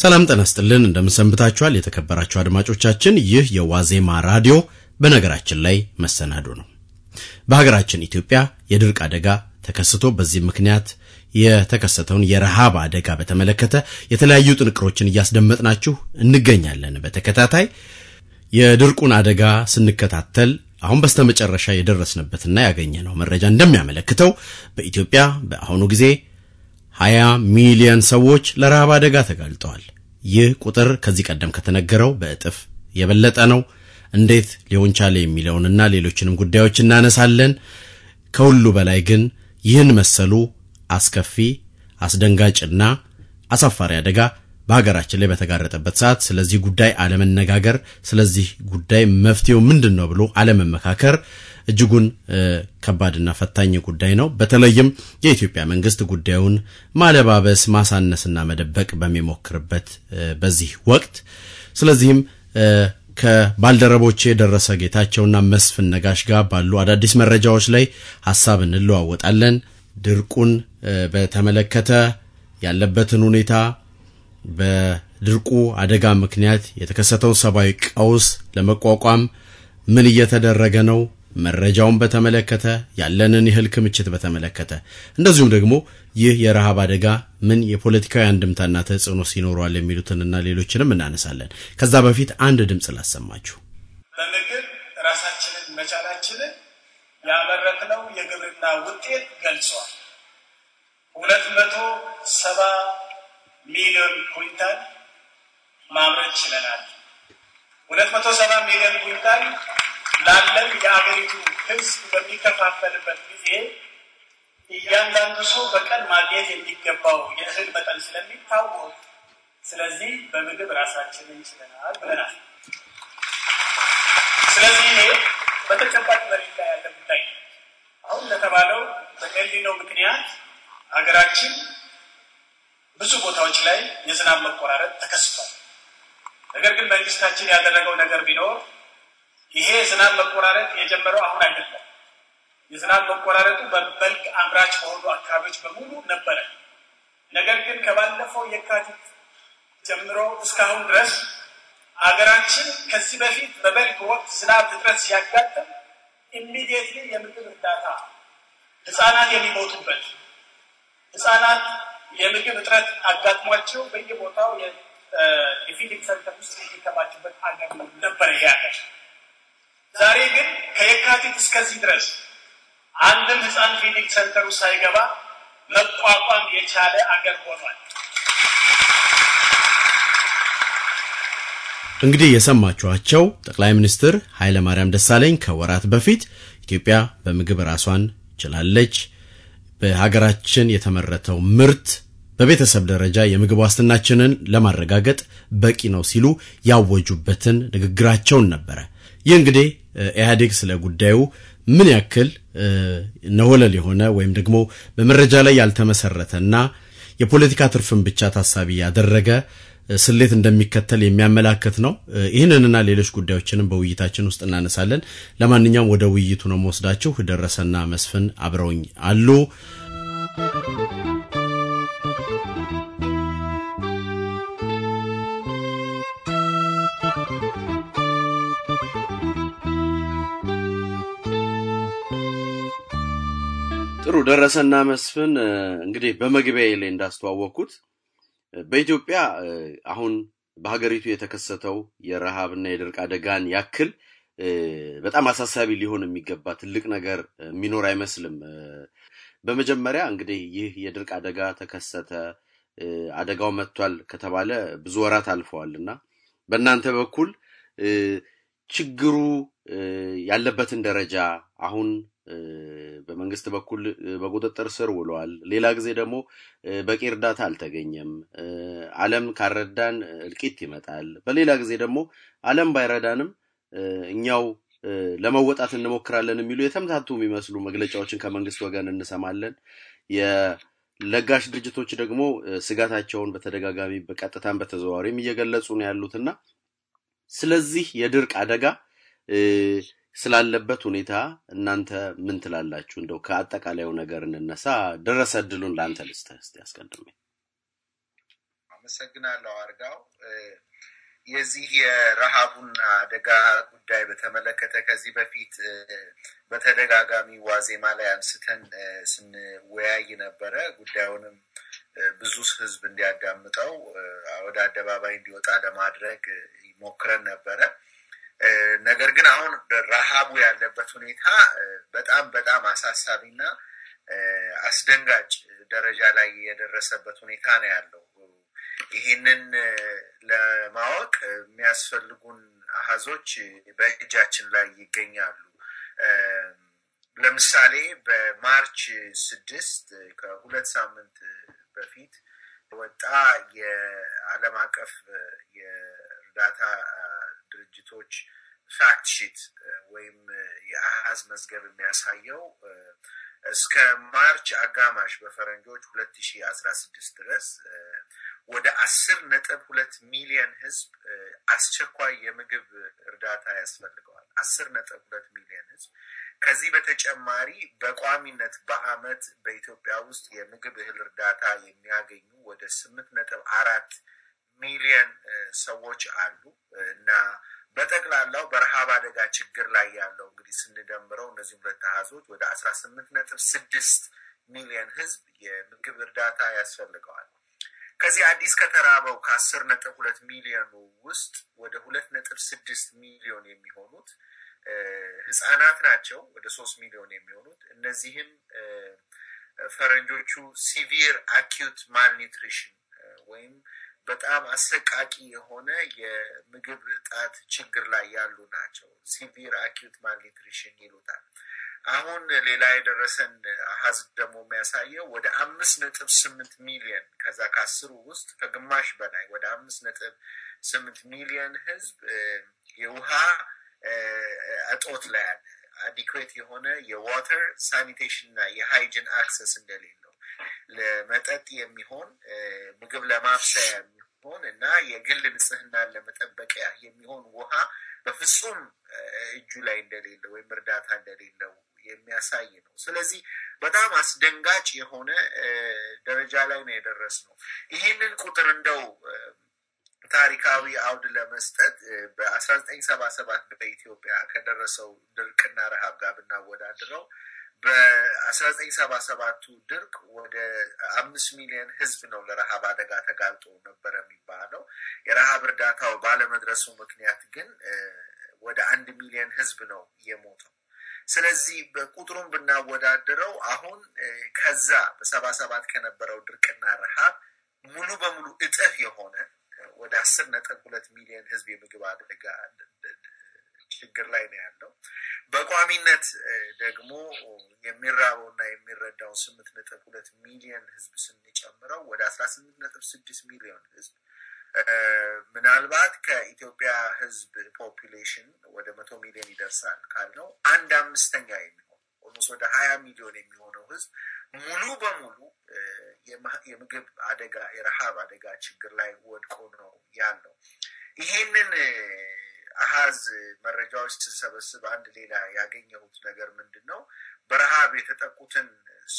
ሰላም ጤና ይስጥልን። እንደምንሰንብታችኋል? የተከበራችሁ አድማጮቻችን፣ ይህ የዋዜማ ራዲዮ በነገራችን ላይ መሰናዶ ነው። በሀገራችን ኢትዮጵያ የድርቅ አደጋ ተከስቶ በዚህ ምክንያት የተከሰተውን የረሃብ አደጋ በተመለከተ የተለያዩ ጥንቅሮችን እያስደመጥናችሁ እንገኛለን። በተከታታይ የድርቁን አደጋ ስንከታተል አሁን በስተመጨረሻ የደረስንበትና ያገኘነው መረጃ እንደሚያመለክተው በኢትዮጵያ በአሁኑ ጊዜ 20 ሚሊዮን ሰዎች ለረሃብ አደጋ ተጋልጠዋል። ይህ ቁጥር ከዚህ ቀደም ከተነገረው በእጥፍ የበለጠ ነው። እንዴት ሊሆን ቻለ የሚለውንና ሌሎችንም ጉዳዮች እናነሳለን። ከሁሉ በላይ ግን ይህን መሰሉ አስከፊ አስደንጋጭና አሳፋሪ አደጋ በሀገራችን ላይ በተጋረጠበት ሰዓት ስለዚህ ጉዳይ አለመነጋገር፣ ስለዚህ ጉዳይ መፍትሄው ምንድን ነው ብሎ አለመመካከር እጅጉን ከባድና ፈታኝ ጉዳይ ነው። በተለይም የኢትዮጵያ መንግስት ጉዳዩን ማለባበስ፣ ማሳነስና መደበቅ በሚሞክርበት በዚህ ወቅት ስለዚህም ከባልደረቦች የደረሰ ጌታቸውና መስፍን ነጋሽ ጋር ባሉ አዳዲስ መረጃዎች ላይ ሀሳብ እንለዋወጣለን። ድርቁን በተመለከተ ያለበትን ሁኔታ በድርቁ አደጋ ምክንያት የተከሰተውን ሰብአዊ ቀውስ ለመቋቋም ምን እየተደረገ ነው? መረጃውን በተመለከተ ያለንን የእህል ክምችት በተመለከተ እንደዚሁም ደግሞ ይህ የረሃብ አደጋ ምን የፖለቲካዊ አንድምታና ተጽዕኖ ሲኖሯል የሚሉትንና ሌሎችንም እናነሳለን። ከዛ በፊት አንድ ድምፅ ላሰማችሁ። በምግብ ራሳችንን መቻላችንን ያመረትነው የግብርና ውጤት ገልጿል። ሁለት መቶ ሰባ ሚሊዮን ኩንታል ማምረት ችለናል። ሁለት መቶ ሰባ ሚሊዮን ኩንታል ላለም የአገሪቱ ህዝብ በሚከፋፈልበት ጊዜ እያንዳንዱ ሰው በቀን ማግኘት የሚገባው የእህል መጠን ስለሚታወቅ ስለዚህ በምግብ ራሳችንን እንችለናል ብለናል። ስለዚህ ይሄ በተጨባጭ መሬት ላይ ያለ ጉዳይ አሁን ለተባለው በኤልኒኖ ምክንያት ሀገራችን ብዙ ቦታዎች ላይ የዝናብ መቆራረጥ ተከስቷል። ነገር ግን መንግስታችን ያደረገው ነገር ቢኖር ይሄ የዝናብ መቆራረጥ የጀመረው አሁን አይደለም። የዝናብ መቆራረጡ በበልግ አምራች በሆኑ አካባቢዎች በሙሉ ነበረ። ነገር ግን ከባለፈው የካቲት ጀምሮ እስካሁን ድረስ አገራችን ከዚህ በፊት በበልግ ወቅት ዝናብ እጥረት ሲያጋጥም ኢሚዲየትሊ የምግብ እርዳታ ህፃናት የሚሞቱበት ህፃናት የምግብ እጥረት አጋጥሟቸው በየቦታው የፊሊክ ሰንተር ውስጥ የሚከባችበት አገር ነበር ያለ ዛሬ ግን ከየካቲት እስከዚህ ድረስ አንድም ህፃን ፊሊንግ ሰንተሩ ሳይገባ መቋቋም የቻለ አገር ሆኗል። እንግዲህ የሰማችኋቸው ጠቅላይ ሚኒስትር ኃይለማርያም ደሳለኝ ከወራት በፊት ኢትዮጵያ በምግብ ራሷን ችላለች፣ በሀገራችን የተመረተው ምርት በቤተሰብ ደረጃ የምግብ ዋስትናችንን ለማረጋገጥ በቂ ነው ሲሉ ያወጁበትን ንግግራቸውን ነበረ። ይህ እንግዲህ ኢህአዴግ ስለ ጉዳዩ ምን ያክል ነወለል የሆነ ወይም ደግሞ በመረጃ ላይ ያልተመሰረተና የፖለቲካ ትርፍን ብቻ ታሳቢ ያደረገ ስሌት እንደሚከተል የሚያመላክት ነው። ይህንንና ሌሎች ጉዳዮችንም በውይይታችን ውስጥ እናነሳለን። ለማንኛውም ወደ ውይይቱ ነው መወስዳችሁ። ደረሰና መስፍን አብረውኝ አሉ። ጥሩ ደረሰና መስፍን እንግዲህ በመግቢያ ላይ እንዳስተዋወቅኩት በኢትዮጵያ አሁን በሀገሪቱ የተከሰተው የረሃብና የድርቅ አደጋን ያክል በጣም አሳሳቢ ሊሆን የሚገባ ትልቅ ነገር የሚኖር አይመስልም። በመጀመሪያ እንግዲህ ይህ የድርቅ አደጋ ተከሰተ፣ አደጋው መጥቷል ከተባለ ብዙ ወራት አልፈዋል እና በእናንተ በኩል ችግሩ ያለበትን ደረጃ አሁን በመንግስት በኩል በቁጥጥር ስር ውለዋል። ሌላ ጊዜ ደግሞ በቂ እርዳታ አልተገኘም፣ ዓለም ካረዳን እልቂት ይመጣል። በሌላ ጊዜ ደግሞ ዓለም ባይረዳንም እኛው ለመወጣት እንሞክራለን የሚሉ የተምታቱ የሚመስሉ መግለጫዎችን ከመንግስት ወገን እንሰማለን። የለጋሽ ድርጅቶች ደግሞ ስጋታቸውን በተደጋጋሚ በቀጥታም በተዘዋዋሪም እየገለጹ ነው ያሉትና ስለዚህ የድርቅ አደጋ ስላለበት ሁኔታ እናንተ ምን ትላላችሁ? እንደው ከአጠቃላዩ ነገር እንነሳ። ደረሰ እድሉን ለአንተ ልስጥህ እስኪ አስቀድሜ። አመሰግናለሁ አርጋው። የዚህ የረሃቡና አደጋ ጉዳይ በተመለከተ ከዚህ በፊት በተደጋጋሚ ዋዜማ ላይ አንስተን ስንወያይ ነበረ። ጉዳዩንም ብዙ ሕዝብ እንዲያዳምጠው ወደ አደባባይ እንዲወጣ ለማድረግ ይሞክረን ነበረ። ነገር ግን አሁን ረሃቡ ያለበት ሁኔታ በጣም በጣም አሳሳቢና አስደንጋጭ ደረጃ ላይ የደረሰበት ሁኔታ ነው ያለው። ይህንን ለማወቅ የሚያስፈልጉን አሃዞች በእጃችን ላይ ይገኛሉ። ለምሳሌ በማርች ስድስት ከሁለት ሳምንት በፊት ወጣ የአለም አቀፍ የእርዳታ ድርጅቶች ፋክት ሺት ወይም የአሃዝ መዝገብ የሚያሳየው እስከ ማርች አጋማሽ በፈረንጆች ሁለት ሺ አስራ ስድስት ድረስ ወደ አስር ነጥብ ሁለት ሚሊየን ህዝብ አስቸኳይ የምግብ እርዳታ ያስፈልገዋል። አስር ነጥብ ሁለት ሚሊየን ህዝብ። ከዚህ በተጨማሪ በቋሚነት በአመት በኢትዮጵያ ውስጥ የምግብ እህል እርዳታ የሚያገኙ ወደ ስምንት ነጥብ አራት ሚሊዮን ሰዎች አሉ እና በጠቅላላው በረሃብ አደጋ ችግር ላይ ያለው እንግዲህ ስንደምረው እነዚህ ሁለት አሃዞች ወደ አስራ ስምንት ነጥብ ስድስት ሚሊዮን ህዝብ የምግብ እርዳታ ያስፈልገዋል። ከዚህ አዲስ ከተራበው ከአስር ነጥብ ሁለት ሚሊዮኑ ውስጥ ወደ ሁለት ነጥብ ስድስት ሚሊዮን የሚሆኑት ህጻናት ናቸው። ወደ ሶስት ሚሊዮን የሚሆኑት እነዚህም ፈረንጆቹ ሲቪር አኪዩት ማልኒትሪሽን ወይም በጣም አሰቃቂ የሆነ የምግብ እጣት ችግር ላይ ያሉ ናቸው። ሲቪር አኪዩት ማልኒትሪሽን ይሉታል። አሁን ሌላ የደረሰን አሀዝ ደግሞ የሚያሳየው ወደ አምስት ነጥብ ስምንት ሚሊየን ከዛ ከአስሩ ውስጥ ከግማሽ በላይ ወደ አምስት ነጥብ ስምንት ሚሊየን ህዝብ የውሃ እጦት ላይ ያለ አዲኩዌት የሆነ የዋተር ሳኒቴሽን እና የሃይጅን አክሰስ እንደሌለው ለመጠጥ የሚሆን ምግብ ለማብሰያ ሳይሆን እና የግል ንጽህናን ለመጠበቂያ የሚሆን ውሃ በፍጹም እጁ ላይ እንደሌለ ወይም እርዳታ እንደሌለው የሚያሳይ ነው። ስለዚህ በጣም አስደንጋጭ የሆነ ደረጃ ላይ ነው የደረስ ነው። ይህንን ቁጥር እንደው ታሪካዊ አውድ ለመስጠት በአስራ ዘጠኝ ሰባ ሰባት በኢትዮጵያ ከደረሰው ድርቅና ረሃብ ጋር ብናወዳድረው በአስራ ዘጠኝ ሰባ ሰባቱ ድርቅ ወደ አምስት ሚሊዮን ህዝብ ነው ለረሃብ አደጋ ተጋልጦ ነበረ የሚባለው። የረሃብ እርዳታው ባለመድረሱ ምክንያት ግን ወደ አንድ ሚሊዮን ህዝብ ነው የሞተው። ስለዚህ በቁጥሩን ብናወዳድረው አሁን ከዛ በሰባ ሰባት ከነበረው ድርቅና ረሃብ ሙሉ በሙሉ እጥፍ የሆነ ወደ አስር ነጥብ ሁለት ሚሊዮን ህዝብ የምግብ አደጋ ችግር ላይ ነው ያለው። በቋሚነት ደግሞ የሚራበው እና የሚረዳው ስምንት ነጥብ ሁለት ሚሊዮን ህዝብ ስንጨምረው ወደ አስራ ስምንት ነጥብ ስድስት ሚሊዮን ህዝብ ምናልባት ከኢትዮጵያ ህዝብ ፖፕሌሽን ወደ መቶ ሚሊዮን ይደርሳል ካልነው አንድ አምስተኛ የሚሆን ኦልሞስት ወደ ሀያ ሚሊዮን የሚሆነው ህዝብ ሙሉ በሙሉ የምግብ አደጋ የረሃብ አደጋ ችግር ላይ ወድቆ ነው ያለው። ይሄንን አሀዝ መረጃዎች ስሰበስብ አንድ ሌላ ያገኘሁት ነገር ምንድን ነው? በረሃብ የተጠቁትን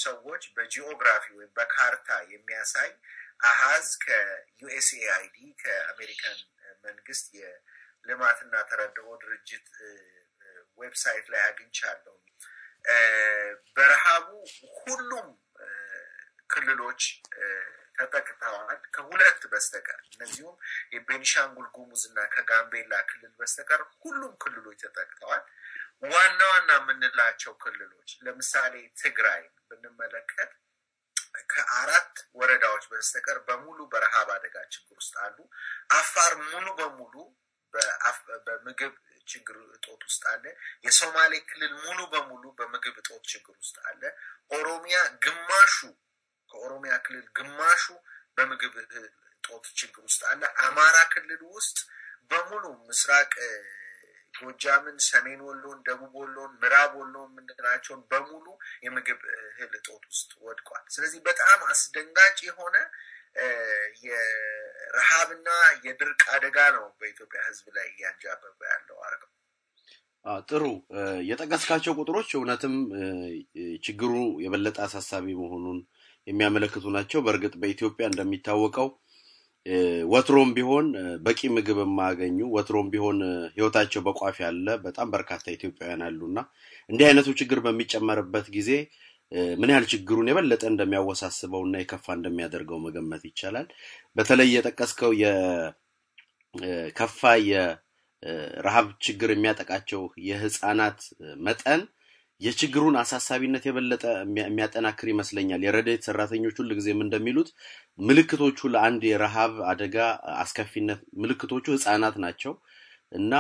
ሰዎች በጂኦግራፊ ወይም በካርታ የሚያሳይ አሀዝ ከዩኤስኤአይዲ ከአሜሪካን መንግስት የልማትና ተራድኦ ድርጅት ዌብሳይት ላይ አግኝቻለሁ። በረሃቡ ሁሉም ክልሎች ተጠቅተዋል ከሁለት በስተቀር እነዚሁም የቤኒሻንጉል ና ከጋምቤላ ክልል በስተቀር ሁሉም ክልሎች ተጠቅተዋል። ዋና ዋና የምንላቸው ክልሎች ለምሳሌ ትግራይ ብንመለከት ከአራት ወረዳዎች በስተቀር በሙሉ በረሃብ አደጋ ችግር ውስጥ አሉ። አፋር ሙሉ በሙሉ በምግብ ችግር እጦት ውስጥ አለ። የሶማሌ ክልል ሙሉ በሙሉ በምግብ እጦት ችግር ውስጥ አለ። ኦሮሚያ ግማሹ ከኦሮሚያ ክልል ግማሹ በምግብ ጦት ችግር ውስጥ አለ። አማራ ክልል ውስጥ በሙሉ ምስራቅ ጎጃምን፣ ሰሜን ወሎን፣ ደቡብ ወሎን፣ ምዕራብ ወሎን ምንድናቸውን በሙሉ የምግብ እህል እጦት ውስጥ ወድቋል። ስለዚህ በጣም አስደንጋጭ የሆነ የረሃብና የድርቅ አደጋ ነው በኢትዮጵያ ሕዝብ ላይ እያንጃበበ ያለው። አርገው ጥሩ የጠቀስካቸው ቁጥሮች እውነትም ችግሩ የበለጠ አሳሳቢ መሆኑን የሚያመለክቱ ናቸው። በእርግጥ በኢትዮጵያ እንደሚታወቀው ወትሮም ቢሆን በቂ ምግብ የማያገኙ ወትሮም ቢሆን ህይወታቸው በቋፍ ያለ በጣም በርካታ ኢትዮጵያውያን አሉና እንዲህ አይነቱ ችግር በሚጨመርበት ጊዜ ምን ያህል ችግሩን የበለጠ እንደሚያወሳስበው እና የከፋ እንደሚያደርገው መገመት ይቻላል። በተለይ የጠቀስከው የከፋ የረሃብ ችግር የሚያጠቃቸው የህፃናት መጠን የችግሩን አሳሳቢነት የበለጠ የሚያጠናክር ይመስለኛል። የረዳት ሰራተኞች ሁል እንደሚሉት ምልክቶቹ ለአንድ የረሃብ አደጋ አስከፊነት ምልክቶቹ ህጻናት ናቸው እና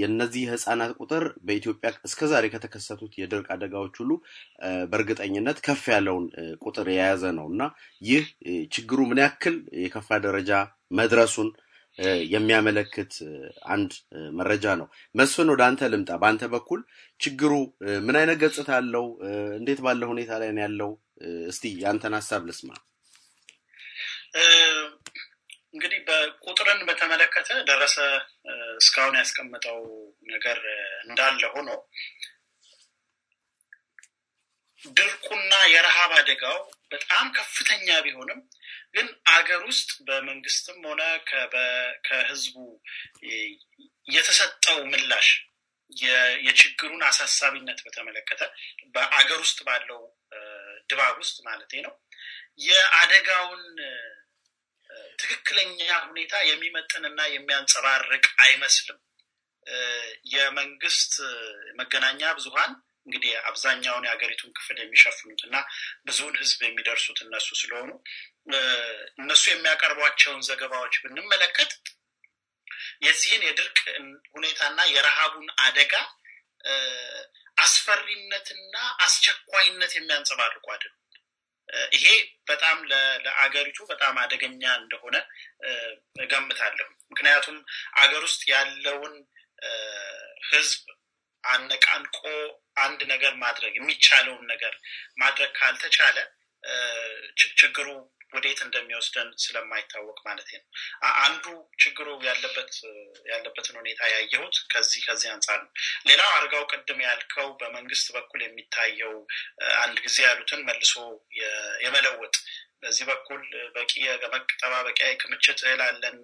የነዚህ ህጻናት ቁጥር በኢትዮጵያ እስከዛሬ ከተከሰቱት የድርቅ አደጋዎች ሁሉ በእርግጠኝነት ከፍ ያለውን ቁጥር የያዘ ነው እና ይህ ችግሩ ምን ያክል የከፋ ደረጃ መድረሱን የሚያመለክት አንድ መረጃ ነው። መስፍን ወደ አንተ ልምጣ። በአንተ በኩል ችግሩ ምን አይነት ገጽታ አለው? እንዴት ባለ ሁኔታ ላይ ነው ያለው? እስቲ ያንተን ሀሳብ ልስማ። እንግዲህ በቁጥርን በተመለከተ ደረሰ እስካሁን ያስቀመጠው ነገር እንዳለ ሆኖ ድርቁና የረሃብ አደጋው በጣም ከፍተኛ ቢሆንም ግን አገር ውስጥ በመንግስትም ሆነ ከህዝቡ የተሰጠው ምላሽ የችግሩን አሳሳቢነት በተመለከተ በአገር ውስጥ ባለው ድባብ ውስጥ ማለት ነው የአደጋውን ትክክለኛ ሁኔታ የሚመጥንና የሚያንጸባርቅ አይመስልም። የመንግስት መገናኛ ብዙሀን እንግዲህ አብዛኛውን የሀገሪቱን ክፍል የሚሸፍኑት እና ብዙውን ህዝብ የሚደርሱት እነሱ ስለሆኑ እነሱ የሚያቀርቧቸውን ዘገባዎች ብንመለከት የዚህን የድርቅ ሁኔታና የረሃቡን አደጋ አስፈሪነትና አስቸኳይነት የሚያንጸባርቁ አድ ይሄ በጣም ለአገሪቱ በጣም አደገኛ እንደሆነ እገምታለሁ። ምክንያቱም አገር ውስጥ ያለውን ህዝብ አነቃንቆ አንድ ነገር ማድረግ የሚቻለውን ነገር ማድረግ ካልተቻለ ችግሩ ወዴት እንደሚወስደን ስለማይታወቅ ማለት ነው። አንዱ ችግሩ ያለበት ያለበትን ሁኔታ ያየሁት ከዚህ ከዚህ አንጻር ነው። ሌላው አርጋው ቅድም ያልከው በመንግስት በኩል የሚታየው አንድ ጊዜ ያሉትን መልሶ የመለወጥ በዚህ በኩል በቂ የመጠባበቂያ ክምችት እህል አለን።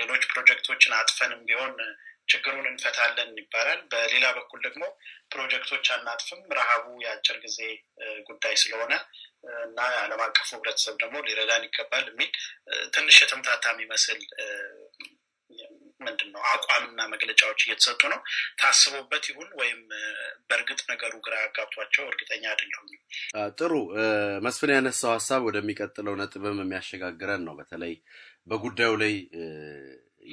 ሌሎች ፕሮጀክቶችን አጥፈንም ቢሆን ችግሩን እንፈታለን ይባላል። በሌላ በኩል ደግሞ ፕሮጀክቶች አናጥፍም፣ ረሃቡ የአጭር ጊዜ ጉዳይ ስለሆነ እና ዓለም አቀፉ ህብረተሰብ ደግሞ ሊረዳን ይገባል የሚል ትንሽ የተምታታ የሚመስል ምንድን ነው አቋምና መግለጫዎች እየተሰጡ ነው። ታስቦበት ይሁን ወይም በእርግጥ ነገሩ ግራ አጋብቷቸው እርግጠኛ አይደለሁም። ጥሩ መስፍን ያነሳው ሀሳብ ወደሚቀጥለው ነጥብም የሚያሸጋግረን ነው። በተለይ በጉዳዩ ላይ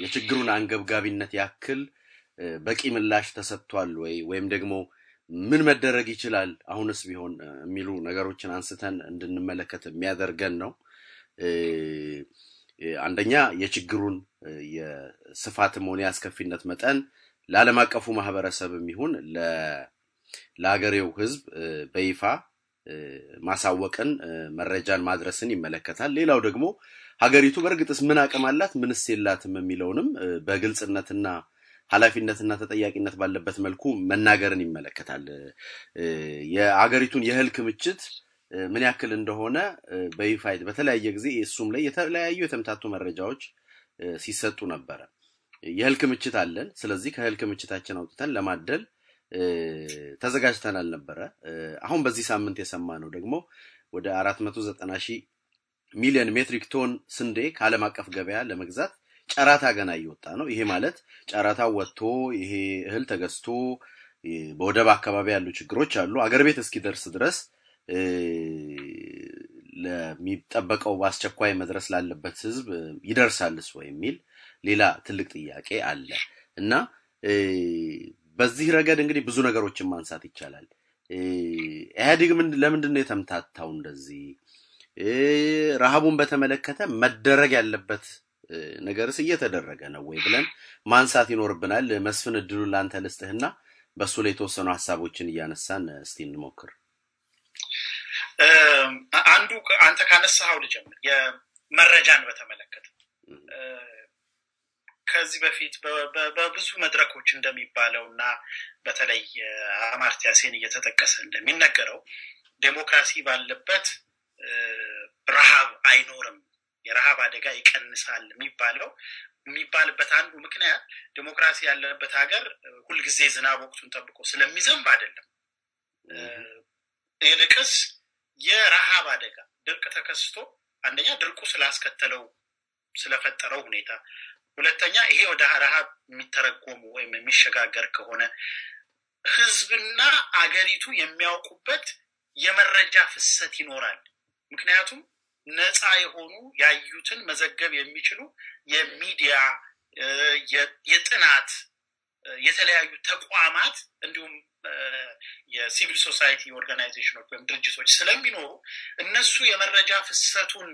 የችግሩን አንገብጋቢነት ያክል በቂ ምላሽ ተሰጥቷል ወይ ወይም ደግሞ ምን መደረግ ይችላል አሁንስ ቢሆን የሚሉ ነገሮችን አንስተን እንድንመለከት የሚያደርገን ነው። አንደኛ የችግሩን የስፋትም ሆነ የአስከፊነት መጠን ለዓለም አቀፉ ማህበረሰብ ይሁን ለሀገሬው ህዝብ በይፋ ማሳወቅን መረጃን ማድረስን ይመለከታል። ሌላው ደግሞ ሀገሪቱ በእርግጥስ ምን አቅም አላት፣ ምንስ የላትም የሚለውንም በግልጽነትና ኃላፊነትና ተጠያቂነት ባለበት መልኩ መናገርን ይመለከታል። የሀገሪቱን የእህል ክምችት ምን ያክል እንደሆነ በይፋ በተለያየ ጊዜ እሱም ላይ የተለያዩ የተምታቱ መረጃዎች ሲሰጡ ነበረ። የእህል ክምችት አለን፣ ስለዚህ ከህል ክምችታችን አውጥተን ለማደል ተዘጋጅተናል ነበረ። አሁን በዚህ ሳምንት ነው ደግሞ ወደ አራት መቶ ዘጠና ሺህ ሚሊዮን ሜትሪክ ቶን ስንዴ ከዓለም አቀፍ ገበያ ለመግዛት ጨራታ ገና እየወጣ ነው። ይሄ ማለት ጨራታው ወጥቶ ይሄ እህል ተገዝቶ በወደብ አካባቢ ያሉ ችግሮች አሉ። አገር ቤት እስኪደርስ ድረስ ለሚጠበቀው በአስቸኳይ መድረስ ላለበት ህዝብ ይደርሳልስ ወይ የሚል ሌላ ትልቅ ጥያቄ አለ እና በዚህ ረገድ እንግዲህ ብዙ ነገሮችን ማንሳት ይቻላል። ኢህአዴግ ለምንድን ነው የተምታታው እንደዚህ ረሃቡን በተመለከተ መደረግ ያለበት ነገርስ እየተደረገ ነው ወይ ብለን ማንሳት ይኖርብናል። መስፍን እድሉ ለአንተ ልስጥህና በእሱ ላይ የተወሰኑ ሀሳቦችን እያነሳን እስቲ እንሞክር። አንዱ አንተ ካነሳኸው ልጀምር፣ የመረጃን በተመለከተ ከዚህ በፊት በብዙ መድረኮች እንደሚባለው እና በተለይ አማርቲያ ሴን እየተጠቀሰ እንደሚነገረው ዴሞክራሲ ባለበት ረሃብ አይኖርም፣ የረሃብ አደጋ ይቀንሳል የሚባለው የሚባልበት አንዱ ምክንያት ዲሞክራሲ ያለበት ሀገር ሁልጊዜ ዝናብ ወቅቱን ጠብቆ ስለሚዘንብ አይደለም። ይልቅስ የረሃብ አደጋ ድርቅ ተከስቶ አንደኛ ድርቁ ስላስከተለው ስለፈጠረው ሁኔታ፣ ሁለተኛ ይሄ ወደ ረሃብ የሚተረጎሙ ወይም የሚሸጋገር ከሆነ ህዝብና አገሪቱ የሚያውቁበት የመረጃ ፍሰት ይኖራል። ምክንያቱም ነፃ የሆኑ ያዩትን መዘገብ የሚችሉ የሚዲያ የጥናት የተለያዩ ተቋማት እንዲሁም የሲቪል ሶሳይቲ ኦርጋናይዜሽኖች ወይም ድርጅቶች ስለሚኖሩ እነሱ የመረጃ ፍሰቱን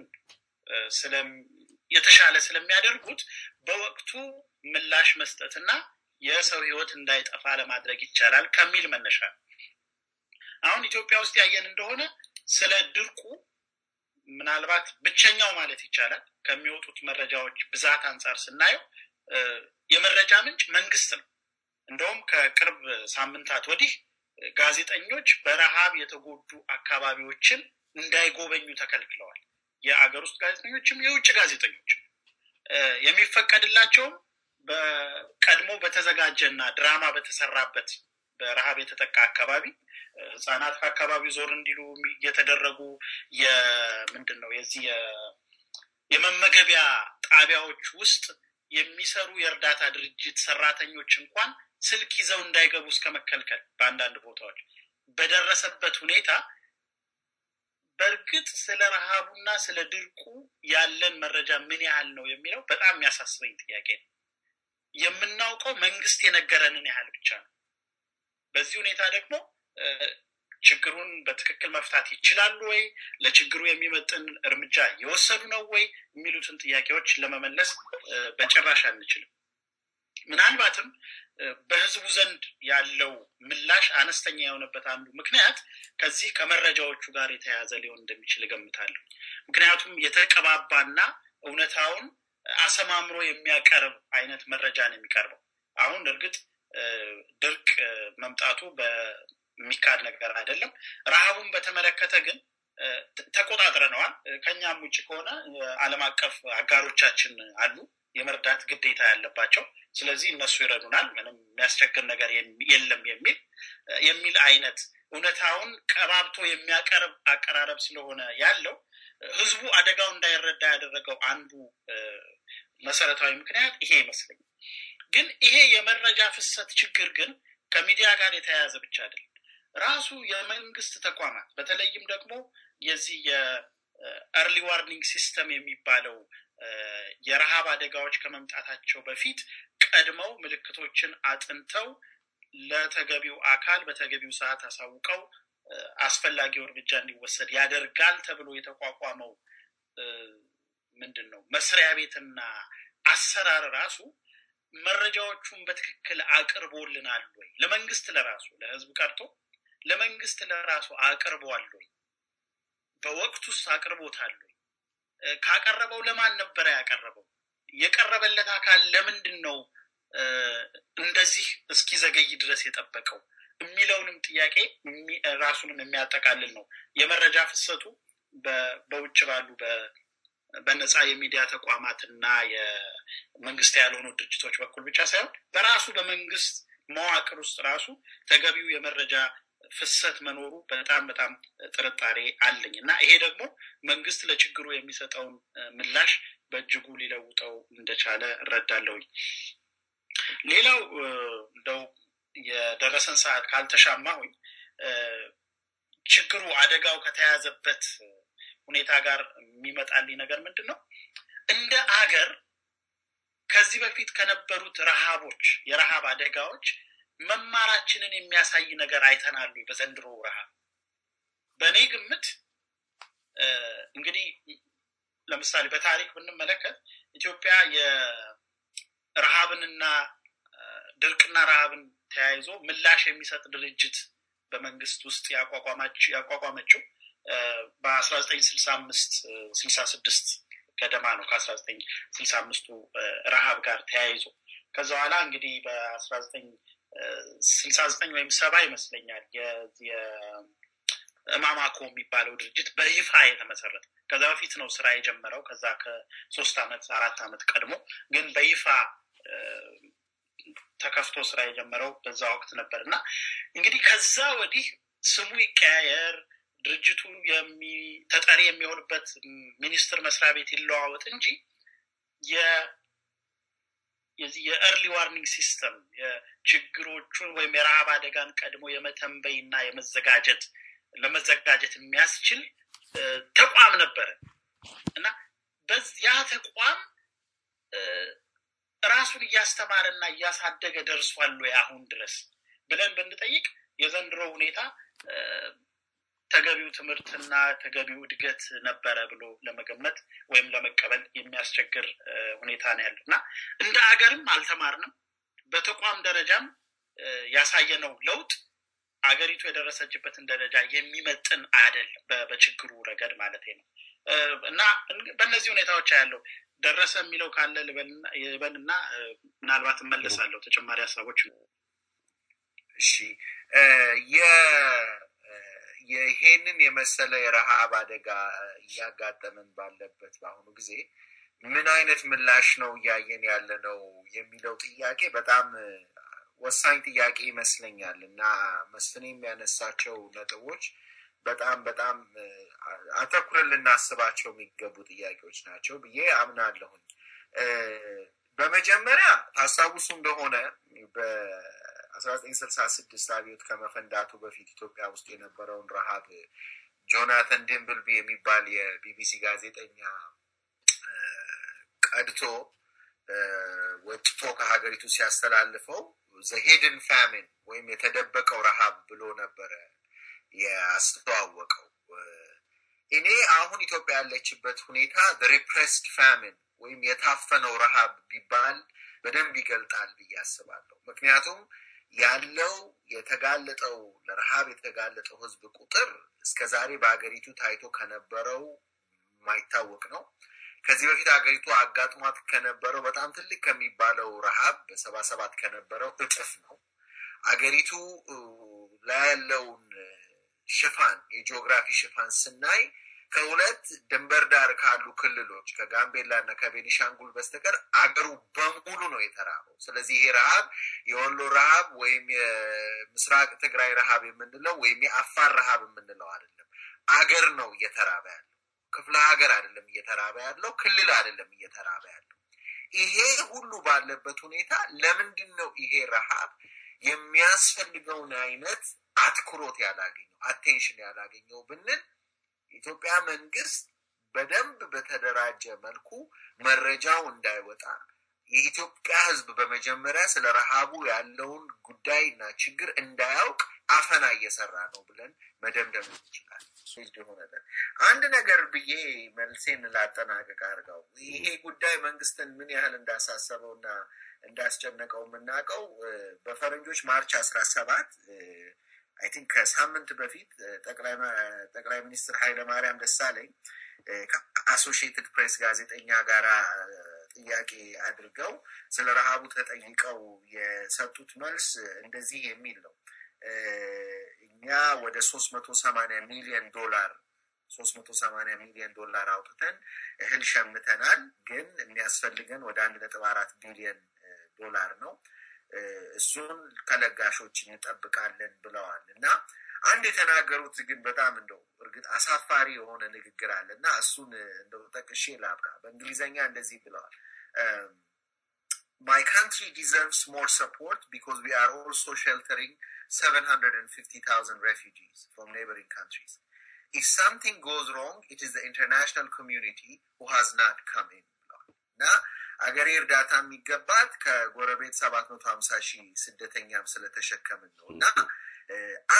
የተሻለ ስለሚያደርጉት በወቅቱ ምላሽ መስጠትና የሰው ህይወት እንዳይጠፋ ለማድረግ ይቻላል ከሚል መነሻ ነው። አሁን ኢትዮጵያ ውስጥ ያየን እንደሆነ ስለ ድርቁ ምናልባት ብቸኛው ማለት ይቻላል ከሚወጡት መረጃዎች ብዛት አንጻር ስናየው የመረጃ ምንጭ መንግስት ነው። እንደውም ከቅርብ ሳምንታት ወዲህ ጋዜጠኞች በረሃብ የተጎዱ አካባቢዎችን እንዳይጎበኙ ተከልክለዋል። የአገር ውስጥ ጋዜጠኞችም የውጭ ጋዜጠኞች የሚፈቀድላቸውም በቀድሞ በተዘጋጀ እና ድራማ በተሰራበት በረሃብ የተጠቃ አካባቢ ህጻናት ከአካባቢው ዞር እንዲሉ የተደረጉ የምንድን ነው የዚህ የመመገቢያ ጣቢያዎች ውስጥ የሚሰሩ የእርዳታ ድርጅት ሰራተኞች እንኳን ስልክ ይዘው እንዳይገቡ እስከ መከልከል በአንዳንድ ቦታዎች በደረሰበት ሁኔታ በእርግጥ ስለ ረሃቡና ስለ ድርቁ ያለን መረጃ ምን ያህል ነው የሚለው በጣም የሚያሳስበኝ ጥያቄ ነው። የምናውቀው መንግስት የነገረንን ያህል ብቻ ነው። በዚህ ሁኔታ ደግሞ ችግሩን በትክክል መፍታት ይችላሉ ወይ? ለችግሩ የሚመጥን እርምጃ የወሰዱ ነው ወይ? የሚሉትን ጥያቄዎች ለመመለስ በጭራሽ አንችልም። ምናልባትም በህዝቡ ዘንድ ያለው ምላሽ አነስተኛ የሆነበት አንዱ ምክንያት ከዚህ ከመረጃዎቹ ጋር የተያያዘ ሊሆን እንደሚችል እገምታለሁ። ምክንያቱም የተቀባባና እውነታውን አሰማምሮ የሚያቀርብ አይነት መረጃ ነው የሚቀርበው። አሁን እርግጥ ድርቅ መምጣቱ የሚካድ ነገር አይደለም። ረሃቡን በተመለከተ ግን ተቆጣጥረነዋል። ከኛም ውጭ ከሆነ አለም አቀፍ አጋሮቻችን አሉ የመርዳት ግዴታ ያለባቸው። ስለዚህ እነሱ ይረዱናል፣ ምንም የሚያስቸግር ነገር የለም የሚል የሚል አይነት እውነታውን ቀባብቶ የሚያቀርብ አቀራረብ ስለሆነ ያለው ህዝቡ አደጋው እንዳይረዳ ያደረገው አንዱ መሰረታዊ ምክንያት ይሄ ይመስለኛል። ግን ይሄ የመረጃ ፍሰት ችግር ግን ከሚዲያ ጋር የተያያዘ ብቻ አይደለም። ራሱ የመንግስት ተቋማት በተለይም ደግሞ የዚህ የእርሊ ዋርኒንግ ሲስተም የሚባለው የረሃብ አደጋዎች ከመምጣታቸው በፊት ቀድመው ምልክቶችን አጥንተው ለተገቢው አካል በተገቢው ሰዓት አሳውቀው አስፈላጊው እርምጃ እንዲወሰድ ያደርጋል ተብሎ የተቋቋመው ምንድን ነው መስሪያ ቤትና አሰራር ራሱ መረጃዎቹን በትክክል አቅርቦልናል ወይ? ለመንግስት ለራሱ ለህዝብ ቀርቶ ለመንግስት ለራሱ አቅርቧል ወይ? በወቅቱ ውስጥ አቅርቦታል ወይ? ካቀረበው ለማን ነበረ ያቀረበው? የቀረበለት አካል ለምንድን ነው እንደዚህ እስኪዘገይ ድረስ የጠበቀው የሚለውንም ጥያቄ ራሱንም የሚያጠቃልል ነው። የመረጃ ፍሰቱ በውጭ ባሉ በነፃ የሚዲያ ተቋማትና የመንግስት ያልሆኑ ድርጅቶች በኩል ብቻ ሳይሆን በራሱ በመንግስት መዋቅር ውስጥ ራሱ ተገቢው የመረጃ ፍሰት መኖሩ በጣም በጣም ጥርጣሬ አለኝ እና ይሄ ደግሞ መንግስት ለችግሩ የሚሰጠውን ምላሽ በእጅጉ ሊለውጠው እንደቻለ እረዳለሁኝ። ሌላው እንደው የደረሰን ሰዓት ካልተሻማሁኝ ችግሩ አደጋው ከተያዘበት ሁኔታ ጋር የሚመጣልኝ ነገር ምንድን ነው? እንደ አገር ከዚህ በፊት ከነበሩት ረሃቦች የረሃብ አደጋዎች መማራችንን የሚያሳይ ነገር አይተናሉ በዘንድሮ ረሃብ። በእኔ ግምት እንግዲህ ለምሳሌ በታሪክ ብንመለከት ኢትዮጵያ የረሃብንና ድርቅና ረሃብን ተያይዞ ምላሽ የሚሰጥ ድርጅት በመንግስት ውስጥ ያቋቋመችው በአስራ ዘጠኝ ስልሳ አምስት ስልሳ ስድስት ገደማ ነው ከአስራ ዘጠኝ ስልሳ አምስቱ ረሃብ ጋር ተያይዞ ከዛ በኋላ እንግዲህ በአስራ ዘጠኝ ስልሳ ዘጠኝ ወይም ሰባ ይመስለኛል እማማኮ የሚባለው ድርጅት በይፋ የተመሰረተ ከዛ በፊት ነው ስራ የጀመረው ከዛ ከሶስት አመት አራት አመት ቀድሞ ግን በይፋ ተከፍቶ ስራ የጀመረው በዛ ወቅት ነበር እና እንግዲህ ከዛ ወዲህ ስሙ ይቀያየር ድርጅቱ ተጠሪ የሚሆንበት ሚኒስቴር መስሪያ ቤት ይለዋወጥ እንጂ የእርሊ ዋርኒንግ ሲስተም የችግሮቹን ወይም የረሃብ አደጋን ቀድሞ የመተንበይ እና የመዘጋጀት ለመዘጋጀት የሚያስችል ተቋም ነበረ እና በዚያ ተቋም ራሱን እያስተማረና እያሳደገ ደርሷል አሁን ድረስ ብለን ብንጠይቅ የዘንድሮ ሁኔታ ተገቢው ትምህርትና ተገቢው እድገት ነበረ ብሎ ለመገመት ወይም ለመቀበል የሚያስቸግር ሁኔታ ነው ያለው እና እንደ ሀገርም አልተማርንም። በተቋም ደረጃም ያሳየነው ለውጥ አገሪቱ የደረሰችበትን ደረጃ የሚመጥን አይደለም፣ በችግሩ ረገድ ማለት ነው እና በእነዚህ ሁኔታዎች ያለው ደረሰ የሚለው ካለ እና ምናልባት እመለሳለሁ ተጨማሪ ሀሳቦች። እሺ ይሄንን የመሰለ የረሃብ አደጋ እያጋጠመን ባለበት በአሁኑ ጊዜ ምን አይነት ምላሽ ነው እያየን ያለ ነው የሚለው ጥያቄ በጣም ወሳኝ ጥያቄ ይመስለኛል እና መስፍን የሚያነሳቸው ነጥቦች በጣም በጣም አተኩረን ልናስባቸው የሚገቡ ጥያቄዎች ናቸው ብዬ አምናለሁኝ። በመጀመሪያ ታስታውሱ እንደሆነ አስራ ዘጠኝ ስልሳ ስድስት አብዮት ከመፈንዳቱ በፊት ኢትዮጵያ ውስጥ የነበረውን ረሃብ ጆናተን ድንብልቢ የሚባል የቢቢሲ ጋዜጠኛ ቀድቶ ወጥቶ ከሀገሪቱ ሲያስተላልፈው ዘሄድን ፋሚን ወይም የተደበቀው ረሃብ ብሎ ነበረ ያስተዋወቀው። እኔ አሁን ኢትዮጵያ ያለችበት ሁኔታ ሪፕሬስድ ፋሚን ወይም የታፈነው ረሃብ ቢባል በደንብ ይገልጣል ብዬ አስባለሁ። ምክንያቱም ያለው የተጋለጠው ለረሃብ የተጋለጠው ህዝብ ቁጥር እስከ ዛሬ በሀገሪቱ ታይቶ ከነበረው የማይታወቅ ነው። ከዚህ በፊት ሀገሪቱ አጋጥሟት ከነበረው በጣም ትልቅ ከሚባለው ረሃብ በሰባ ሰባት ከነበረው እጥፍ ነው። አገሪቱ ላይ ያለውን ሽፋን የጂኦግራፊ ሽፋን ስናይ ከሁለት ድንበር ዳር ካሉ ክልሎች ከጋምቤላ እና ከቤኒሻንጉል በስተቀር አገሩ በሙሉ ነው የተራበው። ስለዚህ ይሄ ረሃብ የወሎ ረሃብ ወይም የምስራቅ ትግራይ ረሃብ የምንለው ወይም የአፋር ረሃብ የምንለው አይደለም። አገር ነው እየተራበ ያለው። ክፍለ ሀገር አይደለም እየተራበ ያለው። ክልል አይደለም እየተራበ ያለው። ይሄ ሁሉ ባለበት ሁኔታ ለምንድን ነው ይሄ ረሃብ የሚያስፈልገውን አይነት አትኩሮት ያላገኘው አቴንሽን ያላገኘው ብንል ኢትዮጵያ መንግስት በደንብ በተደራጀ መልኩ መረጃው እንዳይወጣ የኢትዮጵያ ህዝብ በመጀመሪያ ስለ ረሃቡ ያለውን ጉዳይና ችግር እንዳያውቅ አፈና እየሰራ ነው ብለን መደምደም ይችላል። አንድ ነገር ብዬ መልሴን ላጠናቀቅ አድርገው ይሄ ጉዳይ መንግስትን ምን ያህል እንዳሳሰበውና እንዳስጨነቀው የምናውቀው በፈረንጆች ማርች አስራ ሰባት አይ ቲንክ ከሳምንት በፊት ጠቅላይ ሚኒስትር ኃይለማርያም ደሳለኝ ከአሶሺየትድ ፕሬስ ጋዜጠኛ ጋር ጥያቄ አድርገው ስለ ረሃቡ ተጠይቀው የሰጡት መልስ እንደዚህ የሚል ነው። እኛ ወደ ሶስት መቶ ሰማኒያ ሚሊዮን ዶላር ሶስት መቶ ሰማኒያ ሚሊዮን ዶላር አውጥተን እህል ሸምተናል። ግን የሚያስፈልገን ወደ አንድ ነጥብ አራት ቢሊዮን ዶላር ነው። እሱን ከለጋሾችን እንጠብቃለን ብለዋል እና አንድ የተናገሩት ግን በጣም እንደው እርግጥ አሳፋሪ የሆነ ንግግር አለ እና እሱን እንደው ጠቅሼ ላብቃ። በእንግሊዝኛ እንደዚህ ብለዋል። My country deserves more support because we are also sheltering 750,000 refugees from neighboring countries. If something goes wrong, it is the international community who has not come in. ብለዋል እና አገሬ እርዳታ የሚገባት ከጎረቤት ሰባት መቶ ሀምሳ ሺህ ስደተኛም ስለተሸከምን ነው እና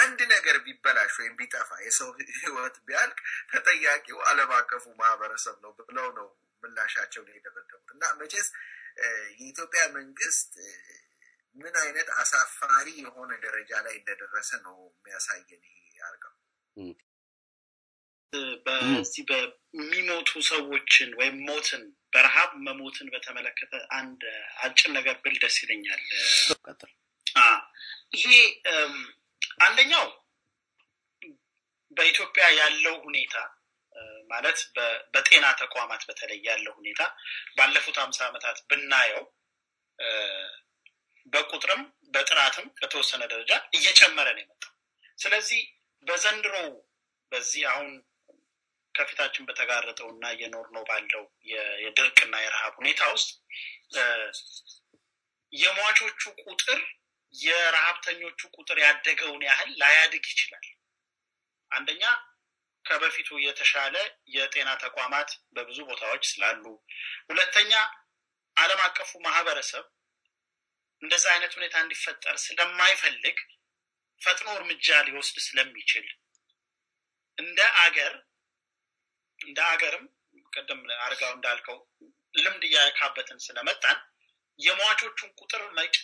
አንድ ነገር ቢበላሽ ወይም ቢጠፋ የሰው ህይወት ቢያልቅ ተጠያቂው ዓለም አቀፉ ማህበረሰብ ነው ብለው ነው ምላሻቸውን የደረደሩት እና መቼስ የኢትዮጵያ መንግስት ምን አይነት አሳፋሪ የሆነ ደረጃ ላይ እንደደረሰ ነው የሚያሳየን ይሄ አርገው በዚህ በሚሞቱ ሰዎችን ወይም ሞትን በረሃብ መሞትን በተመለከተ አንድ አጭር ነገር ብል ደስ ይለኛል። ይሄ አንደኛው በኢትዮጵያ ያለው ሁኔታ ማለት በጤና ተቋማት በተለይ ያለው ሁኔታ ባለፉት አምሳ ዓመታት ብናየው በቁጥርም በጥራትም በተወሰነ ደረጃ እየጨመረ ነው የመጣው። ስለዚህ በዘንድሮ በዚህ አሁን ከፊታችን በተጋረጠው እና እየኖር ነው ባለው የድርቅና የረሃብ ሁኔታ ውስጥ የሟቾቹ ቁጥር የረሃብተኞቹ ቁጥር ያደገውን ያህል ላያድግ ይችላል። አንደኛ ከበፊቱ የተሻለ የጤና ተቋማት በብዙ ቦታዎች ስላሉ፣ ሁለተኛ አለም አቀፉ ማህበረሰብ እንደዛ አይነት ሁኔታ እንዲፈጠር ስለማይፈልግ ፈጥኖ እርምጃ ሊወስድ ስለሚችል እንደ አገር እንደ ሀገርም ቅድም አርጋው እንዳልከው ልምድ እያካበትን ስለመጣን የሟቾቹን ቁጥር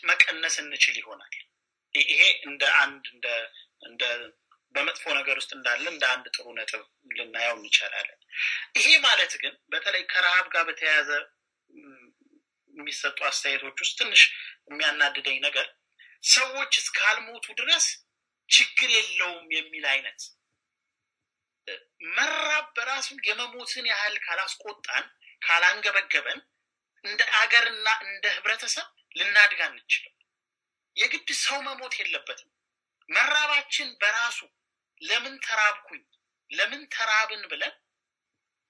መቀነስ እንችል ይሆናል። ይሄ እንደ አንድ እንደ በመጥፎ ነገር ውስጥ እንዳለ እንደ አንድ ጥሩ ነጥብ ልናየው እንችላለን። ይሄ ማለት ግን በተለይ ከረሃብ ጋር በተያያዘ የሚሰጡ አስተያየቶች ውስጥ ትንሽ የሚያናድደኝ ነገር ሰዎች እስካልሞቱ ድረስ ችግር የለውም የሚል አይነት መራብ በራሱ የመሞትን ያህል ካላስቆጣን፣ ካላንገበገበን እንደ አገርና እንደ ህብረተሰብ ልናድጋ አንችልም። የግድ ሰው መሞት የለበትም። መራባችን በራሱ ለምን ተራብኩኝ፣ ለምን ተራብን ብለን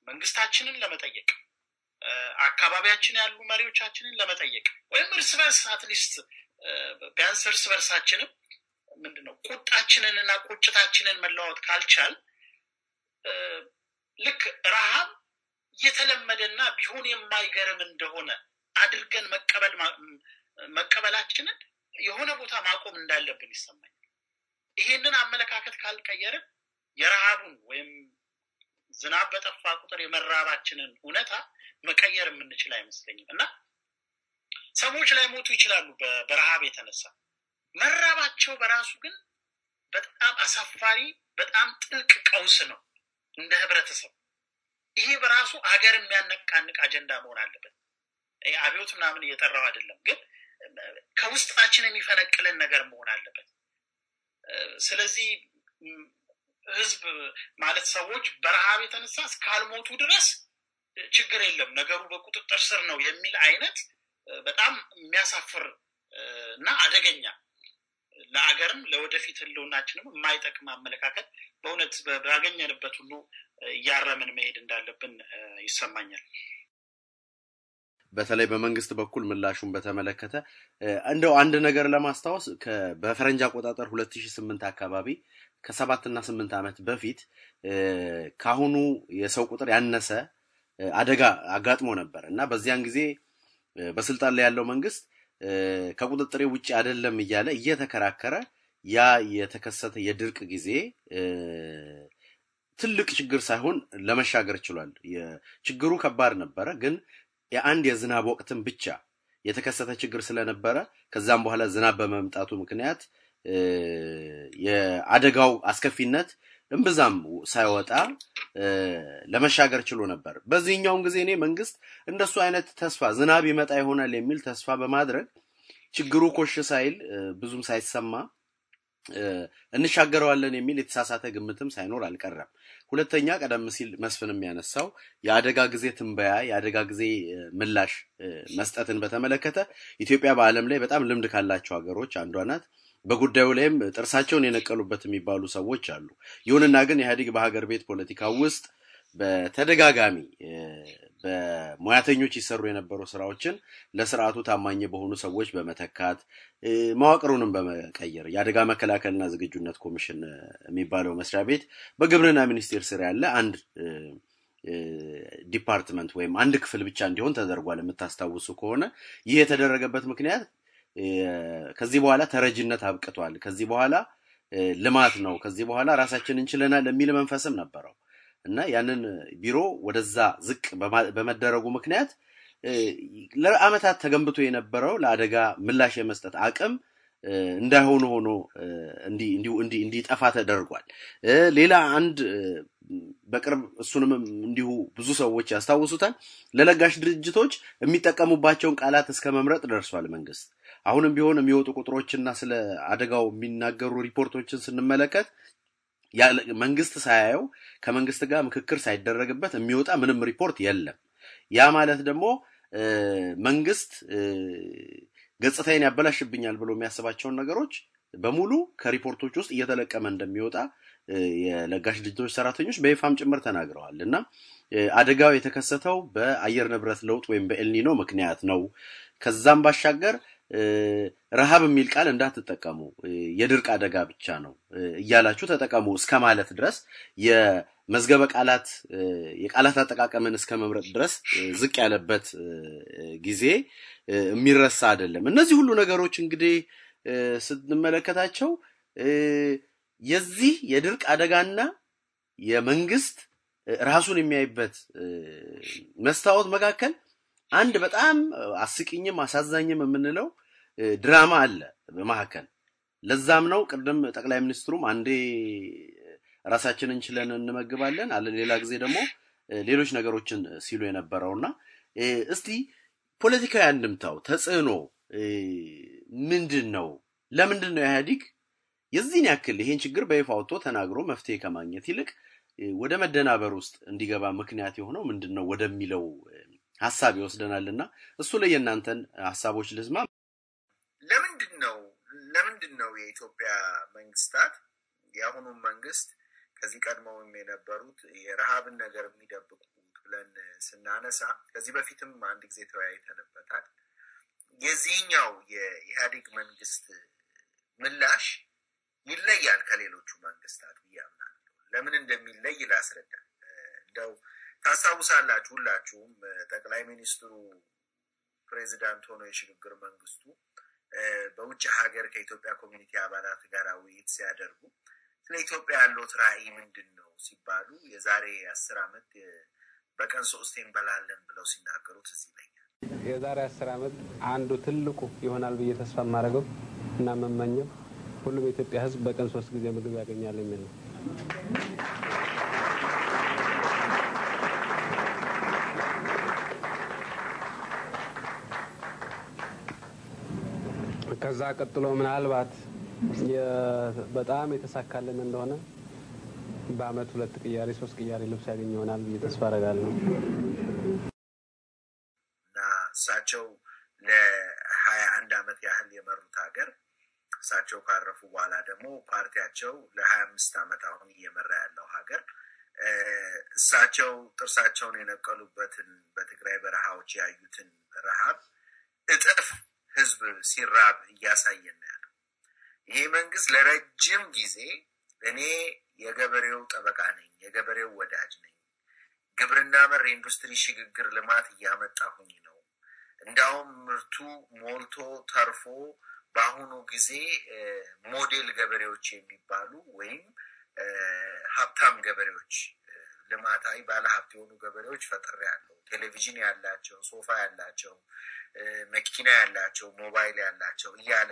መንግስታችንን ለመጠየቅ አካባቢያችን ያሉ መሪዎቻችንን ለመጠየቅ ወይም እርስ በርስ አትሊስት ቢያንስ እርስ በርሳችንም ምንድነው ቁጣችንንና ቁጣችንን እና ቁጭታችንን መለዋወጥ ካልቻል ልክ ረሃብ የተለመደና ቢሆን የማይገርም እንደሆነ አድርገን መቀበል መቀበላችንን የሆነ ቦታ ማቆም እንዳለብን ይሰማኛል። ይሄንን አመለካከት ካልቀየርን የረሃቡን ወይም ዝናብ በጠፋ ቁጥር የመራባችንን እውነታ መቀየር የምንችል አይመስለኝም እና ሰዎች ላይ ሞቱ ይችላሉ በረሃብ የተነሳ መራባቸው በራሱ ግን በጣም አሳፋሪ፣ በጣም ጥልቅ ቀውስ ነው። እንደ ህብረተሰብ ይሄ በራሱ ሀገር የሚያነቃንቅ አጀንዳ መሆን አለበት። አብዮት ምናምን እየጠራው አይደለም፣ ግን ከውስጣችን የሚፈነቅልን ነገር መሆን አለበት። ስለዚህ ህዝብ ማለት ሰዎች በረሃብ የተነሳ እስካልሞቱ ድረስ ችግር የለም ነገሩ በቁጥጥር ስር ነው የሚል አይነት በጣም የሚያሳፍር እና አደገኛ ለአገርም ለወደፊት ህልውናችንም የማይጠቅም አመለካከት በእውነት ባገኘንበት ሁሉ እያረምን መሄድ እንዳለብን ይሰማኛል። በተለይ በመንግስት በኩል ምላሹን በተመለከተ እንደው አንድ ነገር ለማስታወስ በፈረንጅ አቆጣጠር ሁለት ሺህ ስምንት አካባቢ ከሰባት እና ስምንት ዓመት በፊት ከአሁኑ የሰው ቁጥር ያነሰ አደጋ አጋጥሞ ነበር እና በዚያን ጊዜ በስልጣን ላይ ያለው መንግስት ከቁጥጥሬ ውጭ አይደለም እያለ እየተከራከረ ያ የተከሰተ የድርቅ ጊዜ ትልቅ ችግር ሳይሆን ለመሻገር ችሏል። ችግሩ ከባድ ነበረ፣ ግን የአንድ የዝናብ ወቅትን ብቻ የተከሰተ ችግር ስለነበረ ከዛም በኋላ ዝናብ በመምጣቱ ምክንያት የአደጋው አስከፊነት እምብዛም ሳይወጣ ለመሻገር ችሎ ነበር። በዚህኛውም ጊዜ እኔ መንግስት እንደሱ አይነት ተስፋ ዝናብ ይመጣ ይሆናል የሚል ተስፋ በማድረግ ችግሩ ኮሽ ሳይል ብዙም ሳይሰማ እንሻገረዋለን የሚል የተሳሳተ ግምትም ሳይኖር አልቀረም። ሁለተኛ ቀደም ሲል መስፍን የሚያነሳው የአደጋ ጊዜ ትንበያ፣ የአደጋ ጊዜ ምላሽ መስጠትን በተመለከተ ኢትዮጵያ በዓለም ላይ በጣም ልምድ ካላቸው ሀገሮች አንዷ ናት። በጉዳዩ ላይም ጥርሳቸውን የነቀሉበት የሚባሉ ሰዎች አሉ። ይሁንና ግን ኢህአዴግ በሀገር ቤት ፖለቲካ ውስጥ በተደጋጋሚ በሙያተኞች ይሰሩ የነበሩ ስራዎችን ለስርዓቱ ታማኝ በሆኑ ሰዎች በመተካት መዋቅሩንም በመቀየር የአደጋ መከላከልና ዝግጁነት ኮሚሽን የሚባለው መስሪያ ቤት በግብርና ሚኒስቴር ስር ያለ አንድ ዲፓርትመንት ወይም አንድ ክፍል ብቻ እንዲሆን ተደርጓል። የምታስታውሱ ከሆነ ይህ የተደረገበት ምክንያት ከዚህ በኋላ ተረጅነት አብቅቷል፣ ከዚህ በኋላ ልማት ነው፣ ከዚህ በኋላ ራሳችን እንችለናል የሚል መንፈስም ነበረው እና ያንን ቢሮ ወደዛ ዝቅ በመደረጉ ምክንያት ለአመታት ተገንብቶ የነበረው ለአደጋ ምላሽ የመስጠት አቅም እንዳይሆኑ ሆኖ እንዲጠፋ ተደርጓል። ሌላ አንድ በቅርብ እሱንም እንዲሁ ብዙ ሰዎች ያስታውሱታል። ለለጋሽ ድርጅቶች የሚጠቀሙባቸውን ቃላት እስከ መምረጥ ደርሷል መንግስት። አሁንም ቢሆን የሚወጡ ቁጥሮችና ስለ አደጋው የሚናገሩ ሪፖርቶችን ስንመለከት መንግስት ሳያየው ከመንግስት ጋር ምክክር ሳይደረግበት የሚወጣ ምንም ሪፖርት የለም። ያ ማለት ደግሞ መንግስት ገጽታዬን ያበላሽብኛል ብሎ የሚያስባቸውን ነገሮች በሙሉ ከሪፖርቶች ውስጥ እየተለቀመ እንደሚወጣ የለጋሽ ድርጅቶች ሰራተኞች በይፋም ጭምር ተናግረዋል እና አደጋው የተከሰተው በአየር ንብረት ለውጥ ወይም በኤልኒኖ ምክንያት ነው። ከዛም ባሻገር ረሃብ የሚል ቃል እንዳትጠቀሙ የድርቅ አደጋ ብቻ ነው እያላችሁ ተጠቀሙ እስከ ማለት ድረስ የመዝገበ ቃላት የቃላት አጠቃቀምን እስከ መምረጥ ድረስ ዝቅ ያለበት ጊዜ የሚረሳ አይደለም። እነዚህ ሁሉ ነገሮች እንግዲህ ስንመለከታቸው የዚህ የድርቅ አደጋና የመንግስት ራሱን የሚያይበት መስታወት መካከል አንድ በጣም አስቂኝም አሳዛኝም የምንለው ድራማ አለ በመካከል። ለዛም ነው ቅድም ጠቅላይ ሚኒስትሩም አንዴ ራሳችንን ችለን እንመግባለን አለ፣ ሌላ ጊዜ ደግሞ ሌሎች ነገሮችን ሲሉ የነበረውና እስቲ ፖለቲካዊ አንድምታው ተጽዕኖ ምንድን ነው? ለምንድን ነው ኢህአዲግ የዚህን ያክል ይሄን ችግር በይፋ ወጥቶ ተናግሮ መፍትሄ ከማግኘት ይልቅ ወደ መደናበር ውስጥ እንዲገባ ምክንያት የሆነው ምንድን ነው ወደሚለው ሀሳብ ይወስደናል እና እሱ ላይ የእናንተን ሀሳቦች ልስማ። ለምንድን ነው ለምንድን ነው የኢትዮጵያ መንግስታት የአሁኑም መንግስት ከዚህ ቀድመውም የነበሩት የረሃብን ነገር የሚደብቁት ብለን ስናነሳ ከዚህ በፊትም አንድ ጊዜ ተወያይተንበታል። የዚህኛው የኢህአዴግ መንግስት ምላሽ ይለያል ከሌሎቹ መንግስታት ብዬ ለምን እንደሚለይ ላስረዳ። እንደው ታስታውሳላችሁ ሁላችሁም ጠቅላይ ሚኒስትሩ ፕሬዚዳንት ሆኖ የሽግግር መንግስቱ በውጭ ሀገር ከኢትዮጵያ ኮሚኒቲ አባላት ጋር ውይይት ሲያደርጉ ስለ ኢትዮጵያ ያለዎት ራዕይ ምንድን ነው ሲባሉ የዛሬ አስር ዓመት በቀን ሶስት እንበላለን ብለው ሲናገሩት እዚህ ይለኛል። የዛሬ አስር ዓመት አንዱ ትልቁ ይሆናል ብዬ ተስፋ የማደርገው እና መመኘው ሁሉም የኢትዮጵያ ሕዝብ በቀን ሶስት ጊዜ ምግብ ያገኛል የሚል ነው። ከዛ ቀጥሎ ምናልባት በጣም የተሳካልን እንደሆነ በአመት ሁለት ቅያሬ ሶስት ቅያሬ ልብስ ያገኝ ይሆናል ብዬ ተስፋ አደርጋለሁ እና እሳቸው ለሀያ አንድ አመት ያህል የመሩት ሀገር እሳቸው ካረፉ በኋላ ደግሞ ፓርቲያቸው ለሀያ አምስት አመት አሁን እየመራ ያለው ሀገር እሳቸው ጥርሳቸውን የነቀሉበትን በትግራይ በረሃዎች ያዩትን ረሃብ እጥፍ ህዝብ ሲራብ እያሳየን ያለው ይሄ መንግስት ለረጅም ጊዜ እኔ የገበሬው ጠበቃ ነኝ፣ የገበሬው ወዳጅ ነኝ፣ ግብርና መር ኢንዱስትሪ ሽግግር ልማት እያመጣሁኝ ነው፣ እንዳውም ምርቱ ሞልቶ ተርፎ በአሁኑ ጊዜ ሞዴል ገበሬዎች የሚባሉ ወይም ሀብታም ገበሬዎች ልማታዊ ባለሀብት የሆኑ ገበሬዎች ያለው ቴሌቪዥን ያላቸው፣ ሶፋ ያላቸው፣ መኪና ያላቸው፣ ሞባይል ያላቸው እያለ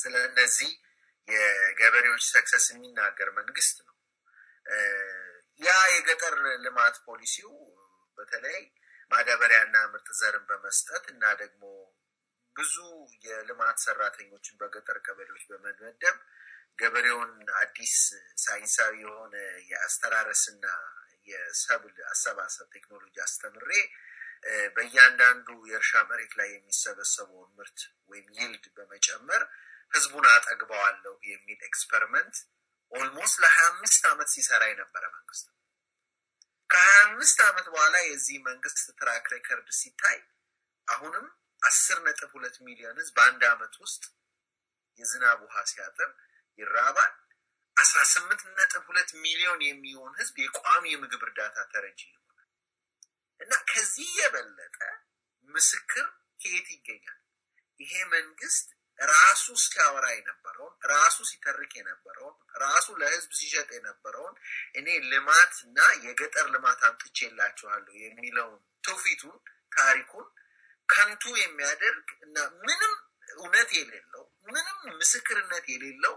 ስለ እነዚህ የገበሬዎች ሰክሰስ የሚናገር መንግስት ነው። ያ የገጠር ልማት ፖሊሲው በተለይ ማዳበሪያና ምርጥ ዘርን በመስጠት እና ደግሞ ብዙ የልማት ሰራተኞችን በገጠር ቀበሌዎች በመመደብ ገበሬውን አዲስ ሳይንሳዊ የሆነ የአስተራረስና የሰብል አሰባሰብ ቴክኖሎጂ አስተምሬ በእያንዳንዱ የእርሻ መሬት ላይ የሚሰበሰበውን ምርት ወይም ይልድ በመጨመር ህዝቡን አጠግበዋለሁ የሚል ኤክስፐሪመንት ኦልሞስት ለሀያ አምስት ዓመት ሲሰራ የነበረ መንግስት ነው። ከሀያ አምስት ዓመት በኋላ የዚህ መንግስት ትራክ ሬከርድ ሲታይ አሁንም አስር ነጥብ ሁለት ሚሊዮን ህዝብ በአንድ አመት ውስጥ የዝናብ ውሃ ሲያጥር ይራባል። አስራ ስምንት ነጥብ ሁለት ሚሊዮን የሚሆን ህዝብ የቋሚ የምግብ እርዳታ ተረጂ ነው። እና ከዚህ የበለጠ ምስክር ከየት ይገኛል? ይሄ መንግስት ራሱ ሲያወራ የነበረውን ራሱ ሲተርክ የነበረውን ራሱ ለህዝብ ሲሸጥ የነበረውን እኔ ልማት እና የገጠር ልማት አምጥቼላችኋለሁ የሚለውን ትውፊቱን፣ ታሪኩን ከንቱ የሚያደርግ እና ምንም እውነት የሌለው ምንም ምስክርነት የሌለው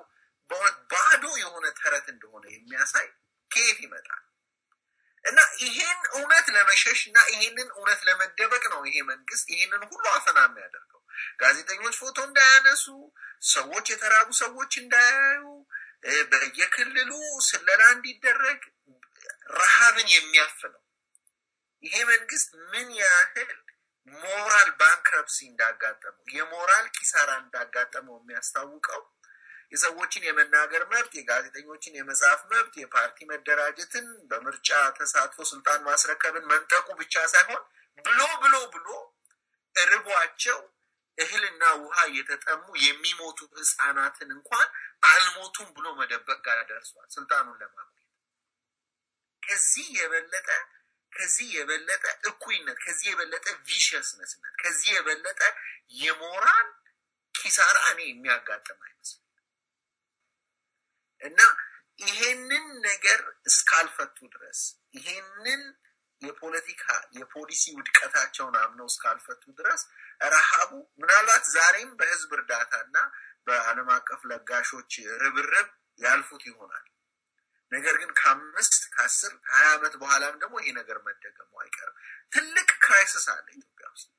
ባዶ የሆነ ተረት እንደሆነ የሚያሳይ ከየት ይመጣል? እና ይሄን እውነት ለመሸሽ እና ይሄንን እውነት ለመደበቅ ነው ይሄ መንግስት ይሄንን ሁሉ አፈና የሚያደርገው። ጋዜጠኞች ፎቶ እንዳያነሱ፣ ሰዎች የተራቡ ሰዎች እንዳያዩ፣ በየክልሉ ስለላ እንዲደረግ ረሃብን የሚያፍ ነው። ይሄ መንግስት ምን ያህል ሞራል ባንክረፕሲ እንዳጋጠመው የሞራል ኪሳራ እንዳጋጠመው የሚያስታውቀው የሰዎችን የመናገር መብት፣ የጋዜጠኞችን የመጻፍ መብት፣ የፓርቲ መደራጀትን፣ በምርጫ ተሳትፎ ስልጣን ማስረከብን መንጠቁ ብቻ ሳይሆን ብሎ ብሎ ብሎ እርቧቸው እህልና ውሃ እየተጠሙ የሚሞቱ ህፃናትን እንኳን አልሞቱም ብሎ መደበቅ ጋር ደርሷል። ስልጣኑን ለማቆየት ከዚህ የበለጠ ከዚህ የበለጠ እኩይነት፣ ከዚህ የበለጠ ቪሸስነስነት፣ ከዚህ የበለጠ የሞራል ኪሳራ እኔ የሚያጋጥም አይመስል እና ይሄንን ነገር እስካልፈቱ ድረስ ይሄንን የፖለቲካ የፖሊሲ ውድቀታቸውን አምነው እስካልፈቱ ድረስ ረሃቡ ምናልባት ዛሬም በህዝብ እርዳታ እና በዓለም አቀፍ ለጋሾች ርብርብ ያልፉት ይሆናል። ነገር ግን ከአምስት ከአስር ከሀያ ዓመት በኋላም ደግሞ ይሄ ነገር መደገሙ አይቀርም። ትልቅ ክራይሲስ አለ ኢትዮጵያ ውስጥ።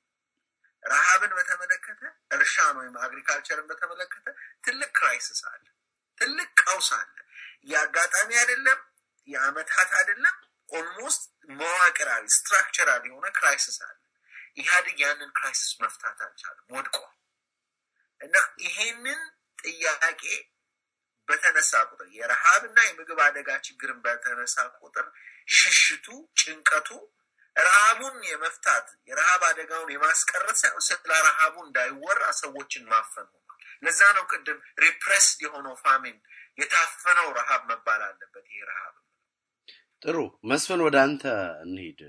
ረሃብን በተመለከተ እርሻን ወይም አግሪካልቸርን በተመለከተ ትልቅ ክራይሲስ አለ። ትልቅ ቀውስ አለ። የአጋጣሚ አይደለም፣ የአመታት አይደለም። ኦልሞስት መዋቅራዊ ስትራክቸራል የሆነ ክራይሲስ አለ። ኢህአዴግ ያንን ክራይሲስ መፍታት አልቻለም፣ ወድቋል። እና ይሄንን ጥያቄ በተነሳ ቁጥር የረሃብ እና የምግብ አደጋ ችግርን በተነሳ ቁጥር ሽሽቱ፣ ጭንቀቱ ረሃቡን የመፍታት የረሃብ አደጋውን የማስቀረት ሳይሆን ስለ ረሃቡ እንዳይወራ ሰዎችን ማፈን ነው። ለዛ ነው ቅድም ሪፕሬስድ የሆነው ፋሚን የታፈነው ረሃብ መባል አለበት። ይሄ ረሃብ ጥሩ መስፍን፣ ወደ አንተ እንሄድ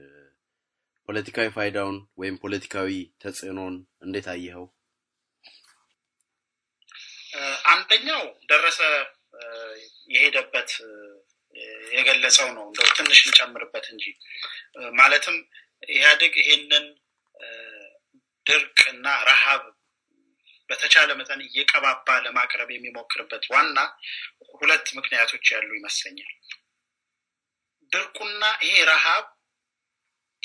ፖለቲካዊ ፋይዳውን ወይም ፖለቲካዊ ተጽዕኖን እንዴት አየኸው? አንደኛው ደረሰ የሄደበት የገለጸው ነው። እንደው ትንሽ እንጨምርበት እንጂ ማለትም ኢህአዴግ ይሄንን ድርቅ እና ረሃብ በተቻለ መጠን እየቀባባ ለማቅረብ የሚሞክርበት ዋና ሁለት ምክንያቶች ያሉ ይመስለኛል። ድርቁና ይሄ ረሃብ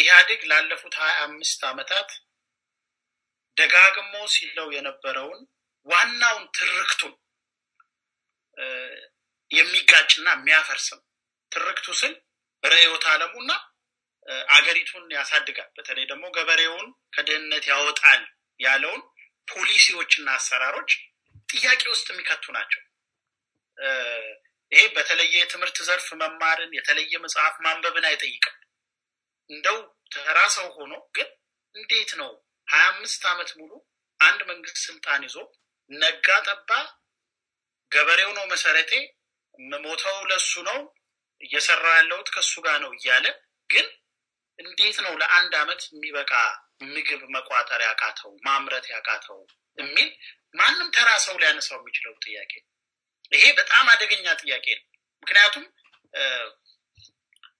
ኢህአዴግ ላለፉት ሀያ አምስት ዓመታት ደጋግሞ ሲለው የነበረውን ዋናውን ትርክቱን የሚጋጭና የሚያፈርስም ትርክቱ ስል ርዕዮተ ዓለሙና አገሪቱን ያሳድጋል፣ በተለይ ደግሞ ገበሬውን ከድህነት ያወጣል ያለውን ፖሊሲዎችና አሰራሮች ጥያቄ ውስጥ የሚከቱ ናቸው። ይሄ በተለየ የትምህርት ዘርፍ መማርን የተለየ መጽሐፍ ማንበብን አይጠይቅም። እንደው ተራ ሰው ሆኖ ግን እንዴት ነው ሀያ አምስት ዓመት ሙሉ አንድ መንግስት ስልጣን ይዞ ነጋ ጠባ ገበሬው ነው መሰረቴ፣ መሞተው ለሱ ነው እየሰራ ያለሁት ከሱ ጋር ነው እያለ ግን እንዴት ነው ለአንድ ዓመት የሚበቃ ምግብ መቋጠር ያቃተው ማምረት ያቃተው የሚል ማንም ተራ ሰው ሊያነሳው የሚችለው ጥያቄ ይሄ በጣም አደገኛ ጥያቄ ነው። ምክንያቱም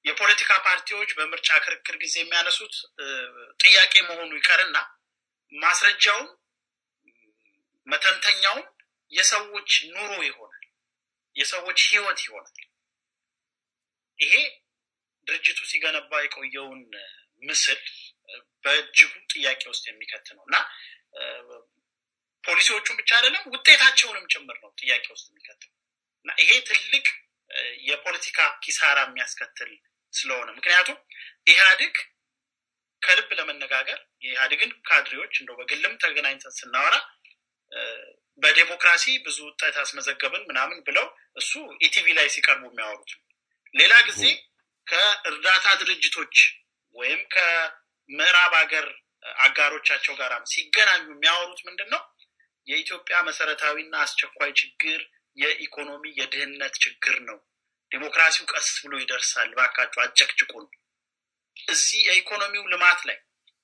የፖለቲካ ፓርቲዎች በምርጫ ክርክር ጊዜ የሚያነሱት ጥያቄ መሆኑ ይቀርና ማስረጃውም መተንተኛውም የሰዎች ኑሮ ይሆናል፣ የሰዎች ህይወት ይሆናል። ይሄ ድርጅቱ ሲገነባ የቆየውን ምስል በእጅጉ ጥያቄ ውስጥ የሚከት ነው እና ፖሊሲዎቹን ብቻ አይደለም ውጤታቸውንም ጭምር ነው ጥያቄ ውስጥ ነው እና ይሄ ትልቅ የፖለቲካ ኪሳራ የሚያስከትል ስለሆነ ምክንያቱም ኢህአዴግ ከልብ ለመነጋገር የኢህአዴግን ካድሬዎች እንደው በግልም ተገናኝተን ስናወራ በዴሞክራሲ ብዙ ውጠት አስመዘገብን ምናምን ብለው እሱ ኢቲቪ ላይ ሲቀርቡ የሚያወሩት ሌላ ጊዜ ከእርዳታ ድርጅቶች ወይም ምዕራብ ሀገር አጋሮቻቸው ጋራም ሲገናኙ የሚያወሩት ምንድን ነው? የኢትዮጵያ መሰረታዊና አስቸኳይ ችግር የኢኮኖሚ የድህነት ችግር ነው። ዴሞክራሲው ቀስ ብሎ ይደርሳል፣ እባካችሁ አጨቅጭቁን። እዚህ የኢኮኖሚው ልማት ላይ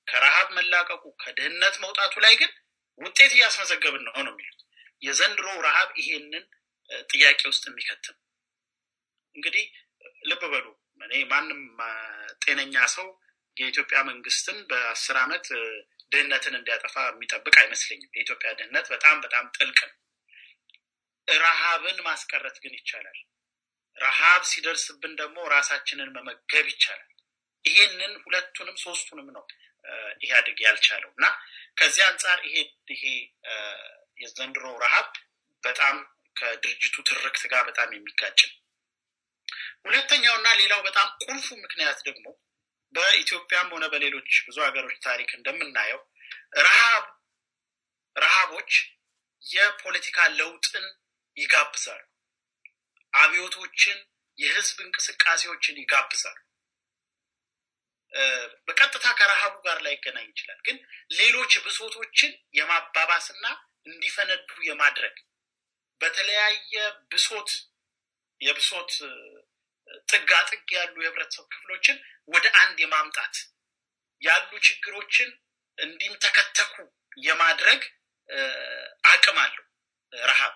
ከረሃብ መላቀቁ ከድህነት መውጣቱ ላይ ግን ውጤት እያስመዘገብን ነው ነው የሚሉት። የዘንድሮ ረሃብ ይሄንን ጥያቄ ውስጥ የሚከትም እንግዲህ ልብ በሉ እኔ ማንም ጤነኛ ሰው የኢትዮጵያ መንግስትን በአስር ዓመት ድህነትን እንዲያጠፋ የሚጠብቅ አይመስለኝም። የኢትዮጵያ ድህነት በጣም በጣም ጥልቅ ነው። ረሃብን ማስቀረት ግን ይቻላል። ረሃብ ሲደርስብን ደግሞ ራሳችንን መመገብ ይቻላል። ይሄንን ሁለቱንም ሶስቱንም ነው ኢህአዴግ ያልቻለው እና ከዚህ አንጻር ይሄ ይሄ የዘንድሮ ረሃብ በጣም ከድርጅቱ ትርክት ጋር በጣም የሚጋጭ ነው። ሁለተኛውና ሌላው በጣም ቁልፉ ምክንያት ደግሞ በኢትዮጵያም ሆነ በሌሎች ብዙ ሀገሮች ታሪክ እንደምናየው ረሃብ ረሃቦች የፖለቲካ ለውጥን ይጋብዛሉ። አብዮቶችን፣ የህዝብ እንቅስቃሴዎችን ይጋብዛሉ። በቀጥታ ከረሃቡ ጋር ላይገናኝ ይገናኝ ይችላል፣ ግን ሌሎች ብሶቶችን የማባባስና እንዲፈነዱ የማድረግ በተለያየ ብሶት የብሶት ጥጋጥግ ያሉ የህብረተሰብ ክፍሎችን ወደ አንድ የማምጣት ያሉ ችግሮችን እንዲንተከተኩ የማድረግ አቅም አለው። ረሃብ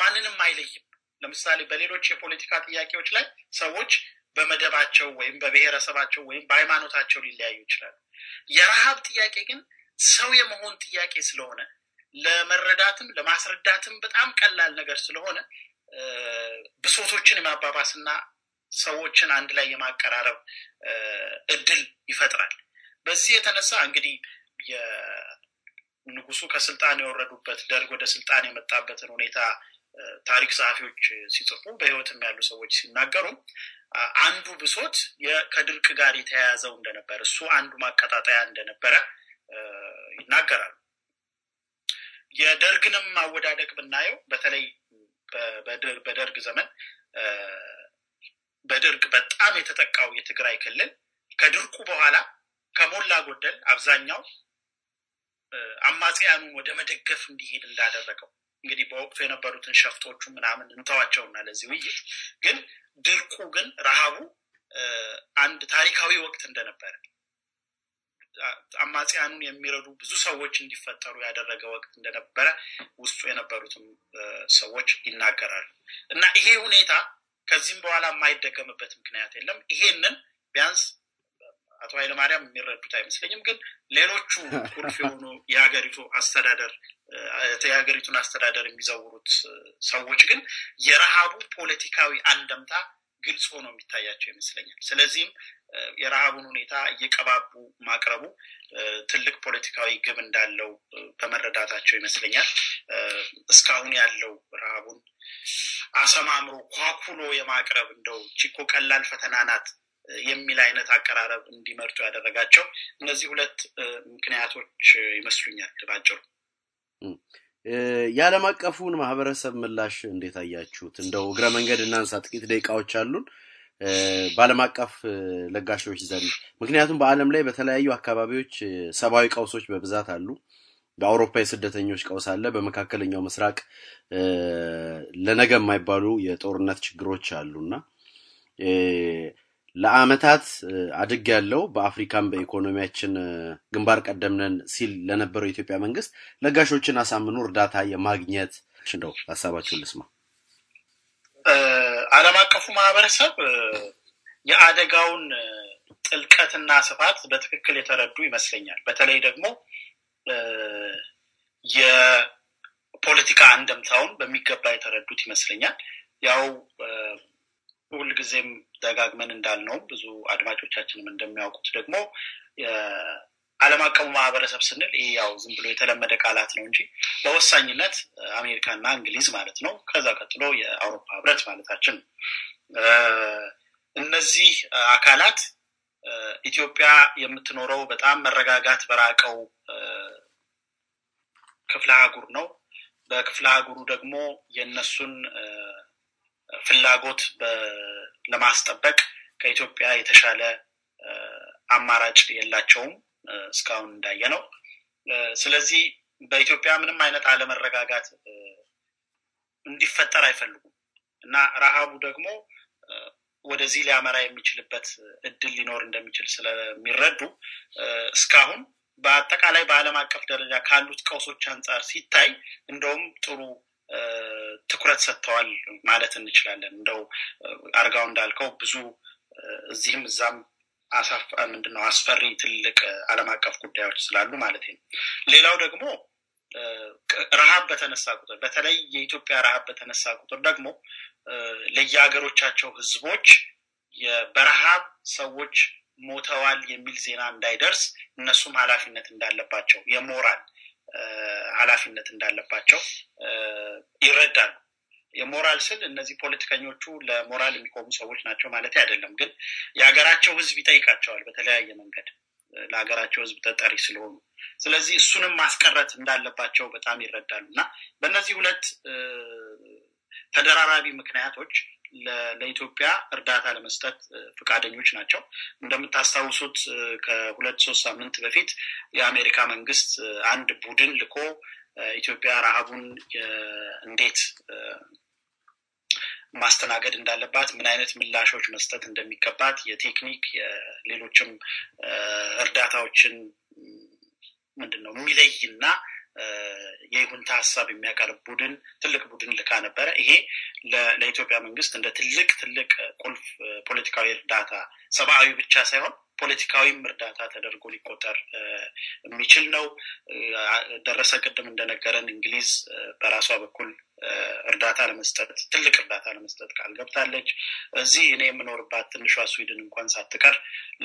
ማንንም አይለይም። ለምሳሌ በሌሎች የፖለቲካ ጥያቄዎች ላይ ሰዎች በመደባቸው ወይም በብሔረሰባቸው ወይም በሃይማኖታቸው ሊለያዩ ይችላሉ። የረሃብ ጥያቄ ግን ሰው የመሆን ጥያቄ ስለሆነ ለመረዳትም ለማስረዳትም በጣም ቀላል ነገር ስለሆነ ብሶቶችን የማባባስና ሰዎችን አንድ ላይ የማቀራረብ እድል ይፈጥራል። በዚህ የተነሳ እንግዲህ ንጉሱ ከስልጣን የወረዱበት ደርግ ወደ ስልጣን የመጣበትን ሁኔታ ታሪክ ጸሐፊዎች ሲጽፉ በህይወትም ያሉ ሰዎች ሲናገሩ አንዱ ብሶት ከድርቅ ጋር የተያያዘው እንደነበረ እሱ አንዱ ማቀጣጠያ እንደነበረ ይናገራሉ። የደርግንም ማወዳደቅ ብናየው በተለይ በደርግ ዘመን በድርቅ በጣም የተጠቃው የትግራይ ክልል ከድርቁ በኋላ ከሞላ ጎደል አብዛኛው አማጽያኑን ወደ መደገፍ እንዲሄድ እንዳደረገው እንግዲህ በወቅቱ የነበሩትን ሸፍጦቹ ምናምን እንተዋቸውና ለዚህ ውይይት ግን ድርቁ ግን ረሃቡ አንድ ታሪካዊ ወቅት እንደነበረ አማጽያኑን የሚረዱ ብዙ ሰዎች እንዲፈጠሩ ያደረገ ወቅት እንደነበረ ውስጡ የነበሩትም ሰዎች ይናገራሉ። እና ይሄ ሁኔታ ከዚህም በኋላ የማይደገምበት ምክንያት የለም። ይሄንን ቢያንስ አቶ ኃይለማርያም የሚረዱት አይመስለኝም። ግን ሌሎቹ ቁልፍ የሆኑ የሀገሪቱ አስተዳደር የሀገሪቱን አስተዳደር የሚዘውሩት ሰዎች ግን የረሃቡ ፖለቲካዊ አንደምታ ግልጽ ሆኖ የሚታያቸው ይመስለኛል። ስለዚህም የረሃቡን ሁኔታ እየቀባቡ ማቅረቡ ትልቅ ፖለቲካዊ ግብ እንዳለው በመረዳታቸው ይመስለኛል እስካሁን ያለው ረሃቡን አሰማምሮ ኳኩሎ የማቅረብ እንደው ቺኮ ቀላል ፈተና ናት የሚል አይነት አቀራረብ እንዲመርጡ ያደረጋቸው እነዚህ ሁለት ምክንያቶች ይመስሉኛል። ባጭሩ የዓለም አቀፉን ማህበረሰብ ምላሽ እንዴት አያችሁት? እንደው እግረ መንገድ እናንሳ፣ ጥቂት ደቂቃዎች አሉን። በዓለም አቀፍ ለጋሾች ዘንድ ምክንያቱም በዓለም ላይ በተለያዩ አካባቢዎች ሰብአዊ ቀውሶች በብዛት አሉ። በአውሮፓ የስደተኞች ቀውስ አለ። በመካከለኛው ምስራቅ ለነገ የማይባሉ የጦርነት ችግሮች አሉና ለአመታት አድግ ያለው በአፍሪካም በኢኮኖሚያችን ግንባር ቀደምነን ሲል ለነበረው የኢትዮጵያ መንግስት ለጋሾችን አሳምኖ እርዳታ የማግኘት እንደው ሀሳባችሁን ልስማ። ዓለም አቀፉ ማህበረሰብ የአደጋውን ጥልቀትና ስፋት በትክክል የተረዱ ይመስለኛል። በተለይ ደግሞ የፖለቲካ አንደምታውን በሚገባ የተረዱት ይመስለኛል። ያው ሁልጊዜም ደጋግመን እንዳልነውም ብዙ አድማጮቻችንም እንደሚያውቁት ደግሞ ዓለም አቀፉ ማህበረሰብ ስንል ይህ ያው ዝም ብሎ የተለመደ ቃላት ነው እንጂ በወሳኝነት አሜሪካና እንግሊዝ ማለት ነው። ከዛ ቀጥሎ የአውሮፓ ህብረት ማለታችን ነው። እነዚህ አካላት ኢትዮጵያ የምትኖረው በጣም መረጋጋት በራቀው ክፍለ ሀጉር ነው። በክፍለ ሀጉሩ ደግሞ የእነሱን ፍላጎት ለማስጠበቅ ከኢትዮጵያ የተሻለ አማራጭ የላቸውም። እስካሁን እንዳየ ነው። ስለዚህ በኢትዮጵያ ምንም አይነት አለመረጋጋት እንዲፈጠር አይፈልጉም እና ረሃቡ ደግሞ ወደዚህ ሊያመራ የሚችልበት እድል ሊኖር እንደሚችል ስለሚረዱ እስካሁን በአጠቃላይ በዓለም አቀፍ ደረጃ ካሉት ቀውሶች አንጻር ሲታይ እንደውም ጥሩ ትኩረት ሰጥተዋል ማለት እንችላለን። እንደው አርጋው እንዳልከው ብዙ እዚህም እዛም ምንድነው አስፈሪ ትልቅ አለም አቀፍ ጉዳዮች ስላሉ ማለት ነው። ሌላው ደግሞ ረሃብ በተነሳ ቁጥር በተለይ የኢትዮጵያ ረሃብ በተነሳ ቁጥር ደግሞ ለየሀገሮቻቸው ህዝቦች በረሃብ ሰዎች ሞተዋል የሚል ዜና እንዳይደርስ እነሱም ኃላፊነት እንዳለባቸው የሞራል ኃላፊነት እንዳለባቸው ይረዳሉ። የሞራል ስል እነዚህ ፖለቲከኞቹ ለሞራል የሚቆሙ ሰዎች ናቸው ማለት አይደለም። ግን የሀገራቸው ህዝብ ይጠይቃቸዋል በተለያየ መንገድ ለሀገራቸው ህዝብ ተጠሪ ስለሆኑ፣ ስለዚህ እሱንም ማስቀረት እንዳለባቸው በጣም ይረዳሉ እና በእነዚህ ሁለት ተደራራቢ ምክንያቶች ለኢትዮጵያ እርዳታ ለመስጠት ፈቃደኞች ናቸው። እንደምታስታውሱት ከሁለት ሶስት ሳምንት በፊት የአሜሪካ መንግስት አንድ ቡድን ልኮ ኢትዮጵያ ረሃቡን እንዴት ማስተናገድ እንዳለባት ምን አይነት ምላሾች መስጠት እንደሚገባት የቴክኒክ የሌሎችም እርዳታዎችን ምንድን ነው የሚለይ እና የይሁንታ ሀሳብ የሚያቀርብ ቡድን ትልቅ ቡድን ልካ ነበረ። ይሄ ለኢትዮጵያ መንግስት እንደ ትልቅ ትልቅ ቁልፍ ፖለቲካዊ እርዳታ ሰብአዊ ብቻ ሳይሆን ፖለቲካዊም እርዳታ ተደርጎ ሊቆጠር የሚችል ነው። ደረሰ ቅድም እንደነገረን እንግሊዝ በራሷ በኩል እርዳታ ለመስጠት ትልቅ እርዳታ ለመስጠት ቃል ገብታለች። እዚህ እኔ የምኖርባት ትንሿ ስዊድን እንኳን ሳትቀር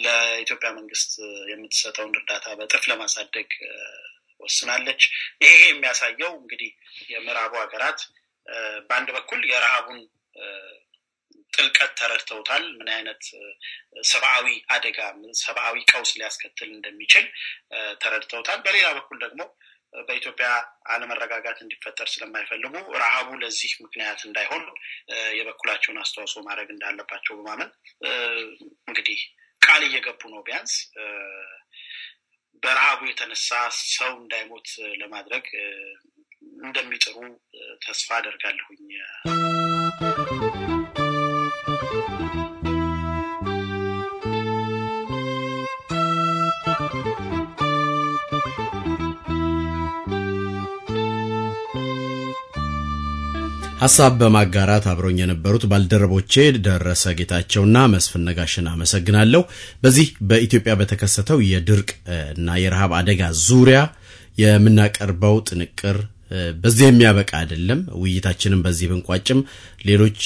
ለኢትዮጵያ መንግስት የምትሰጠውን እርዳታ በጥፍ ለማሳደግ ወስናለች። ይሄ የሚያሳየው እንግዲህ የምዕራቡ ሀገራት በአንድ በኩል የረሃቡን ጥልቀት ተረድተውታል። ምን አይነት ሰብአዊ አደጋ ሰብአዊ ቀውስ ሊያስከትል እንደሚችል ተረድተውታል። በሌላ በኩል ደግሞ በኢትዮጵያ አለመረጋጋት እንዲፈጠር ስለማይፈልጉ ረሃቡ ለዚህ ምክንያት እንዳይሆን የበኩላቸውን አስተዋጽኦ ማድረግ እንዳለባቸው በማመን እንግዲህ ቃል እየገቡ ነው ቢያንስ በረሃቡ የተነሳ ሰው እንዳይሞት ለማድረግ እንደሚጥሩ ተስፋ አደርጋለሁኝ። ሀሳብ በማጋራት አብረኝ የነበሩት ባልደረቦቼ ደረሰ ጌታቸውና መስፍን ነጋሽን አመሰግናለሁ። በዚህ በኢትዮጵያ በተከሰተው የድርቅ እና የረሃብ አደጋ ዙሪያ የምናቀርበው ጥንቅር በዚህ የሚያበቃ አይደለም። ውይይታችንን በዚህ ብንቋጭም ሌሎች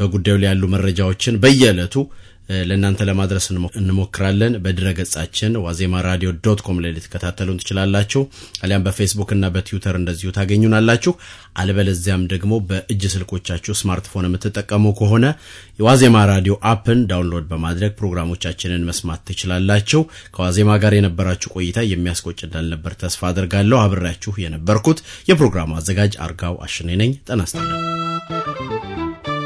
በጉዳዩ ላይ ያሉ መረጃዎችን በየዕለቱ ለእናንተ ለማድረስ እንሞክራለን። ገጻችን ዋዜማ ራዲዮ ዶት ኮም ላይ ልትከታተሉን ትችላላችሁ። አሊያም በፌስቡክ እና በትዊተር እንደዚሁ ታገኙናላችሁ። አልበለዚያም ደግሞ በእጅ ስልኮቻችሁ ስማርትፎን የምትጠቀሙ ከሆነ የዋዜማ ራዲዮ አፕን ዳውንሎድ በማድረግ ፕሮግራሞቻችንን መስማት ትችላላችሁ። ከዋዜማ ጋር የነበራችሁ ቆይታ የሚያስቆጭ እንዳልነበር ተስፋ አድርጋለሁ። አብሬያችሁ የነበርኩት የፕሮግራሙ አዘጋጅ አርጋው አሽኔ ነኝ። ጤና ይስጥልኝ።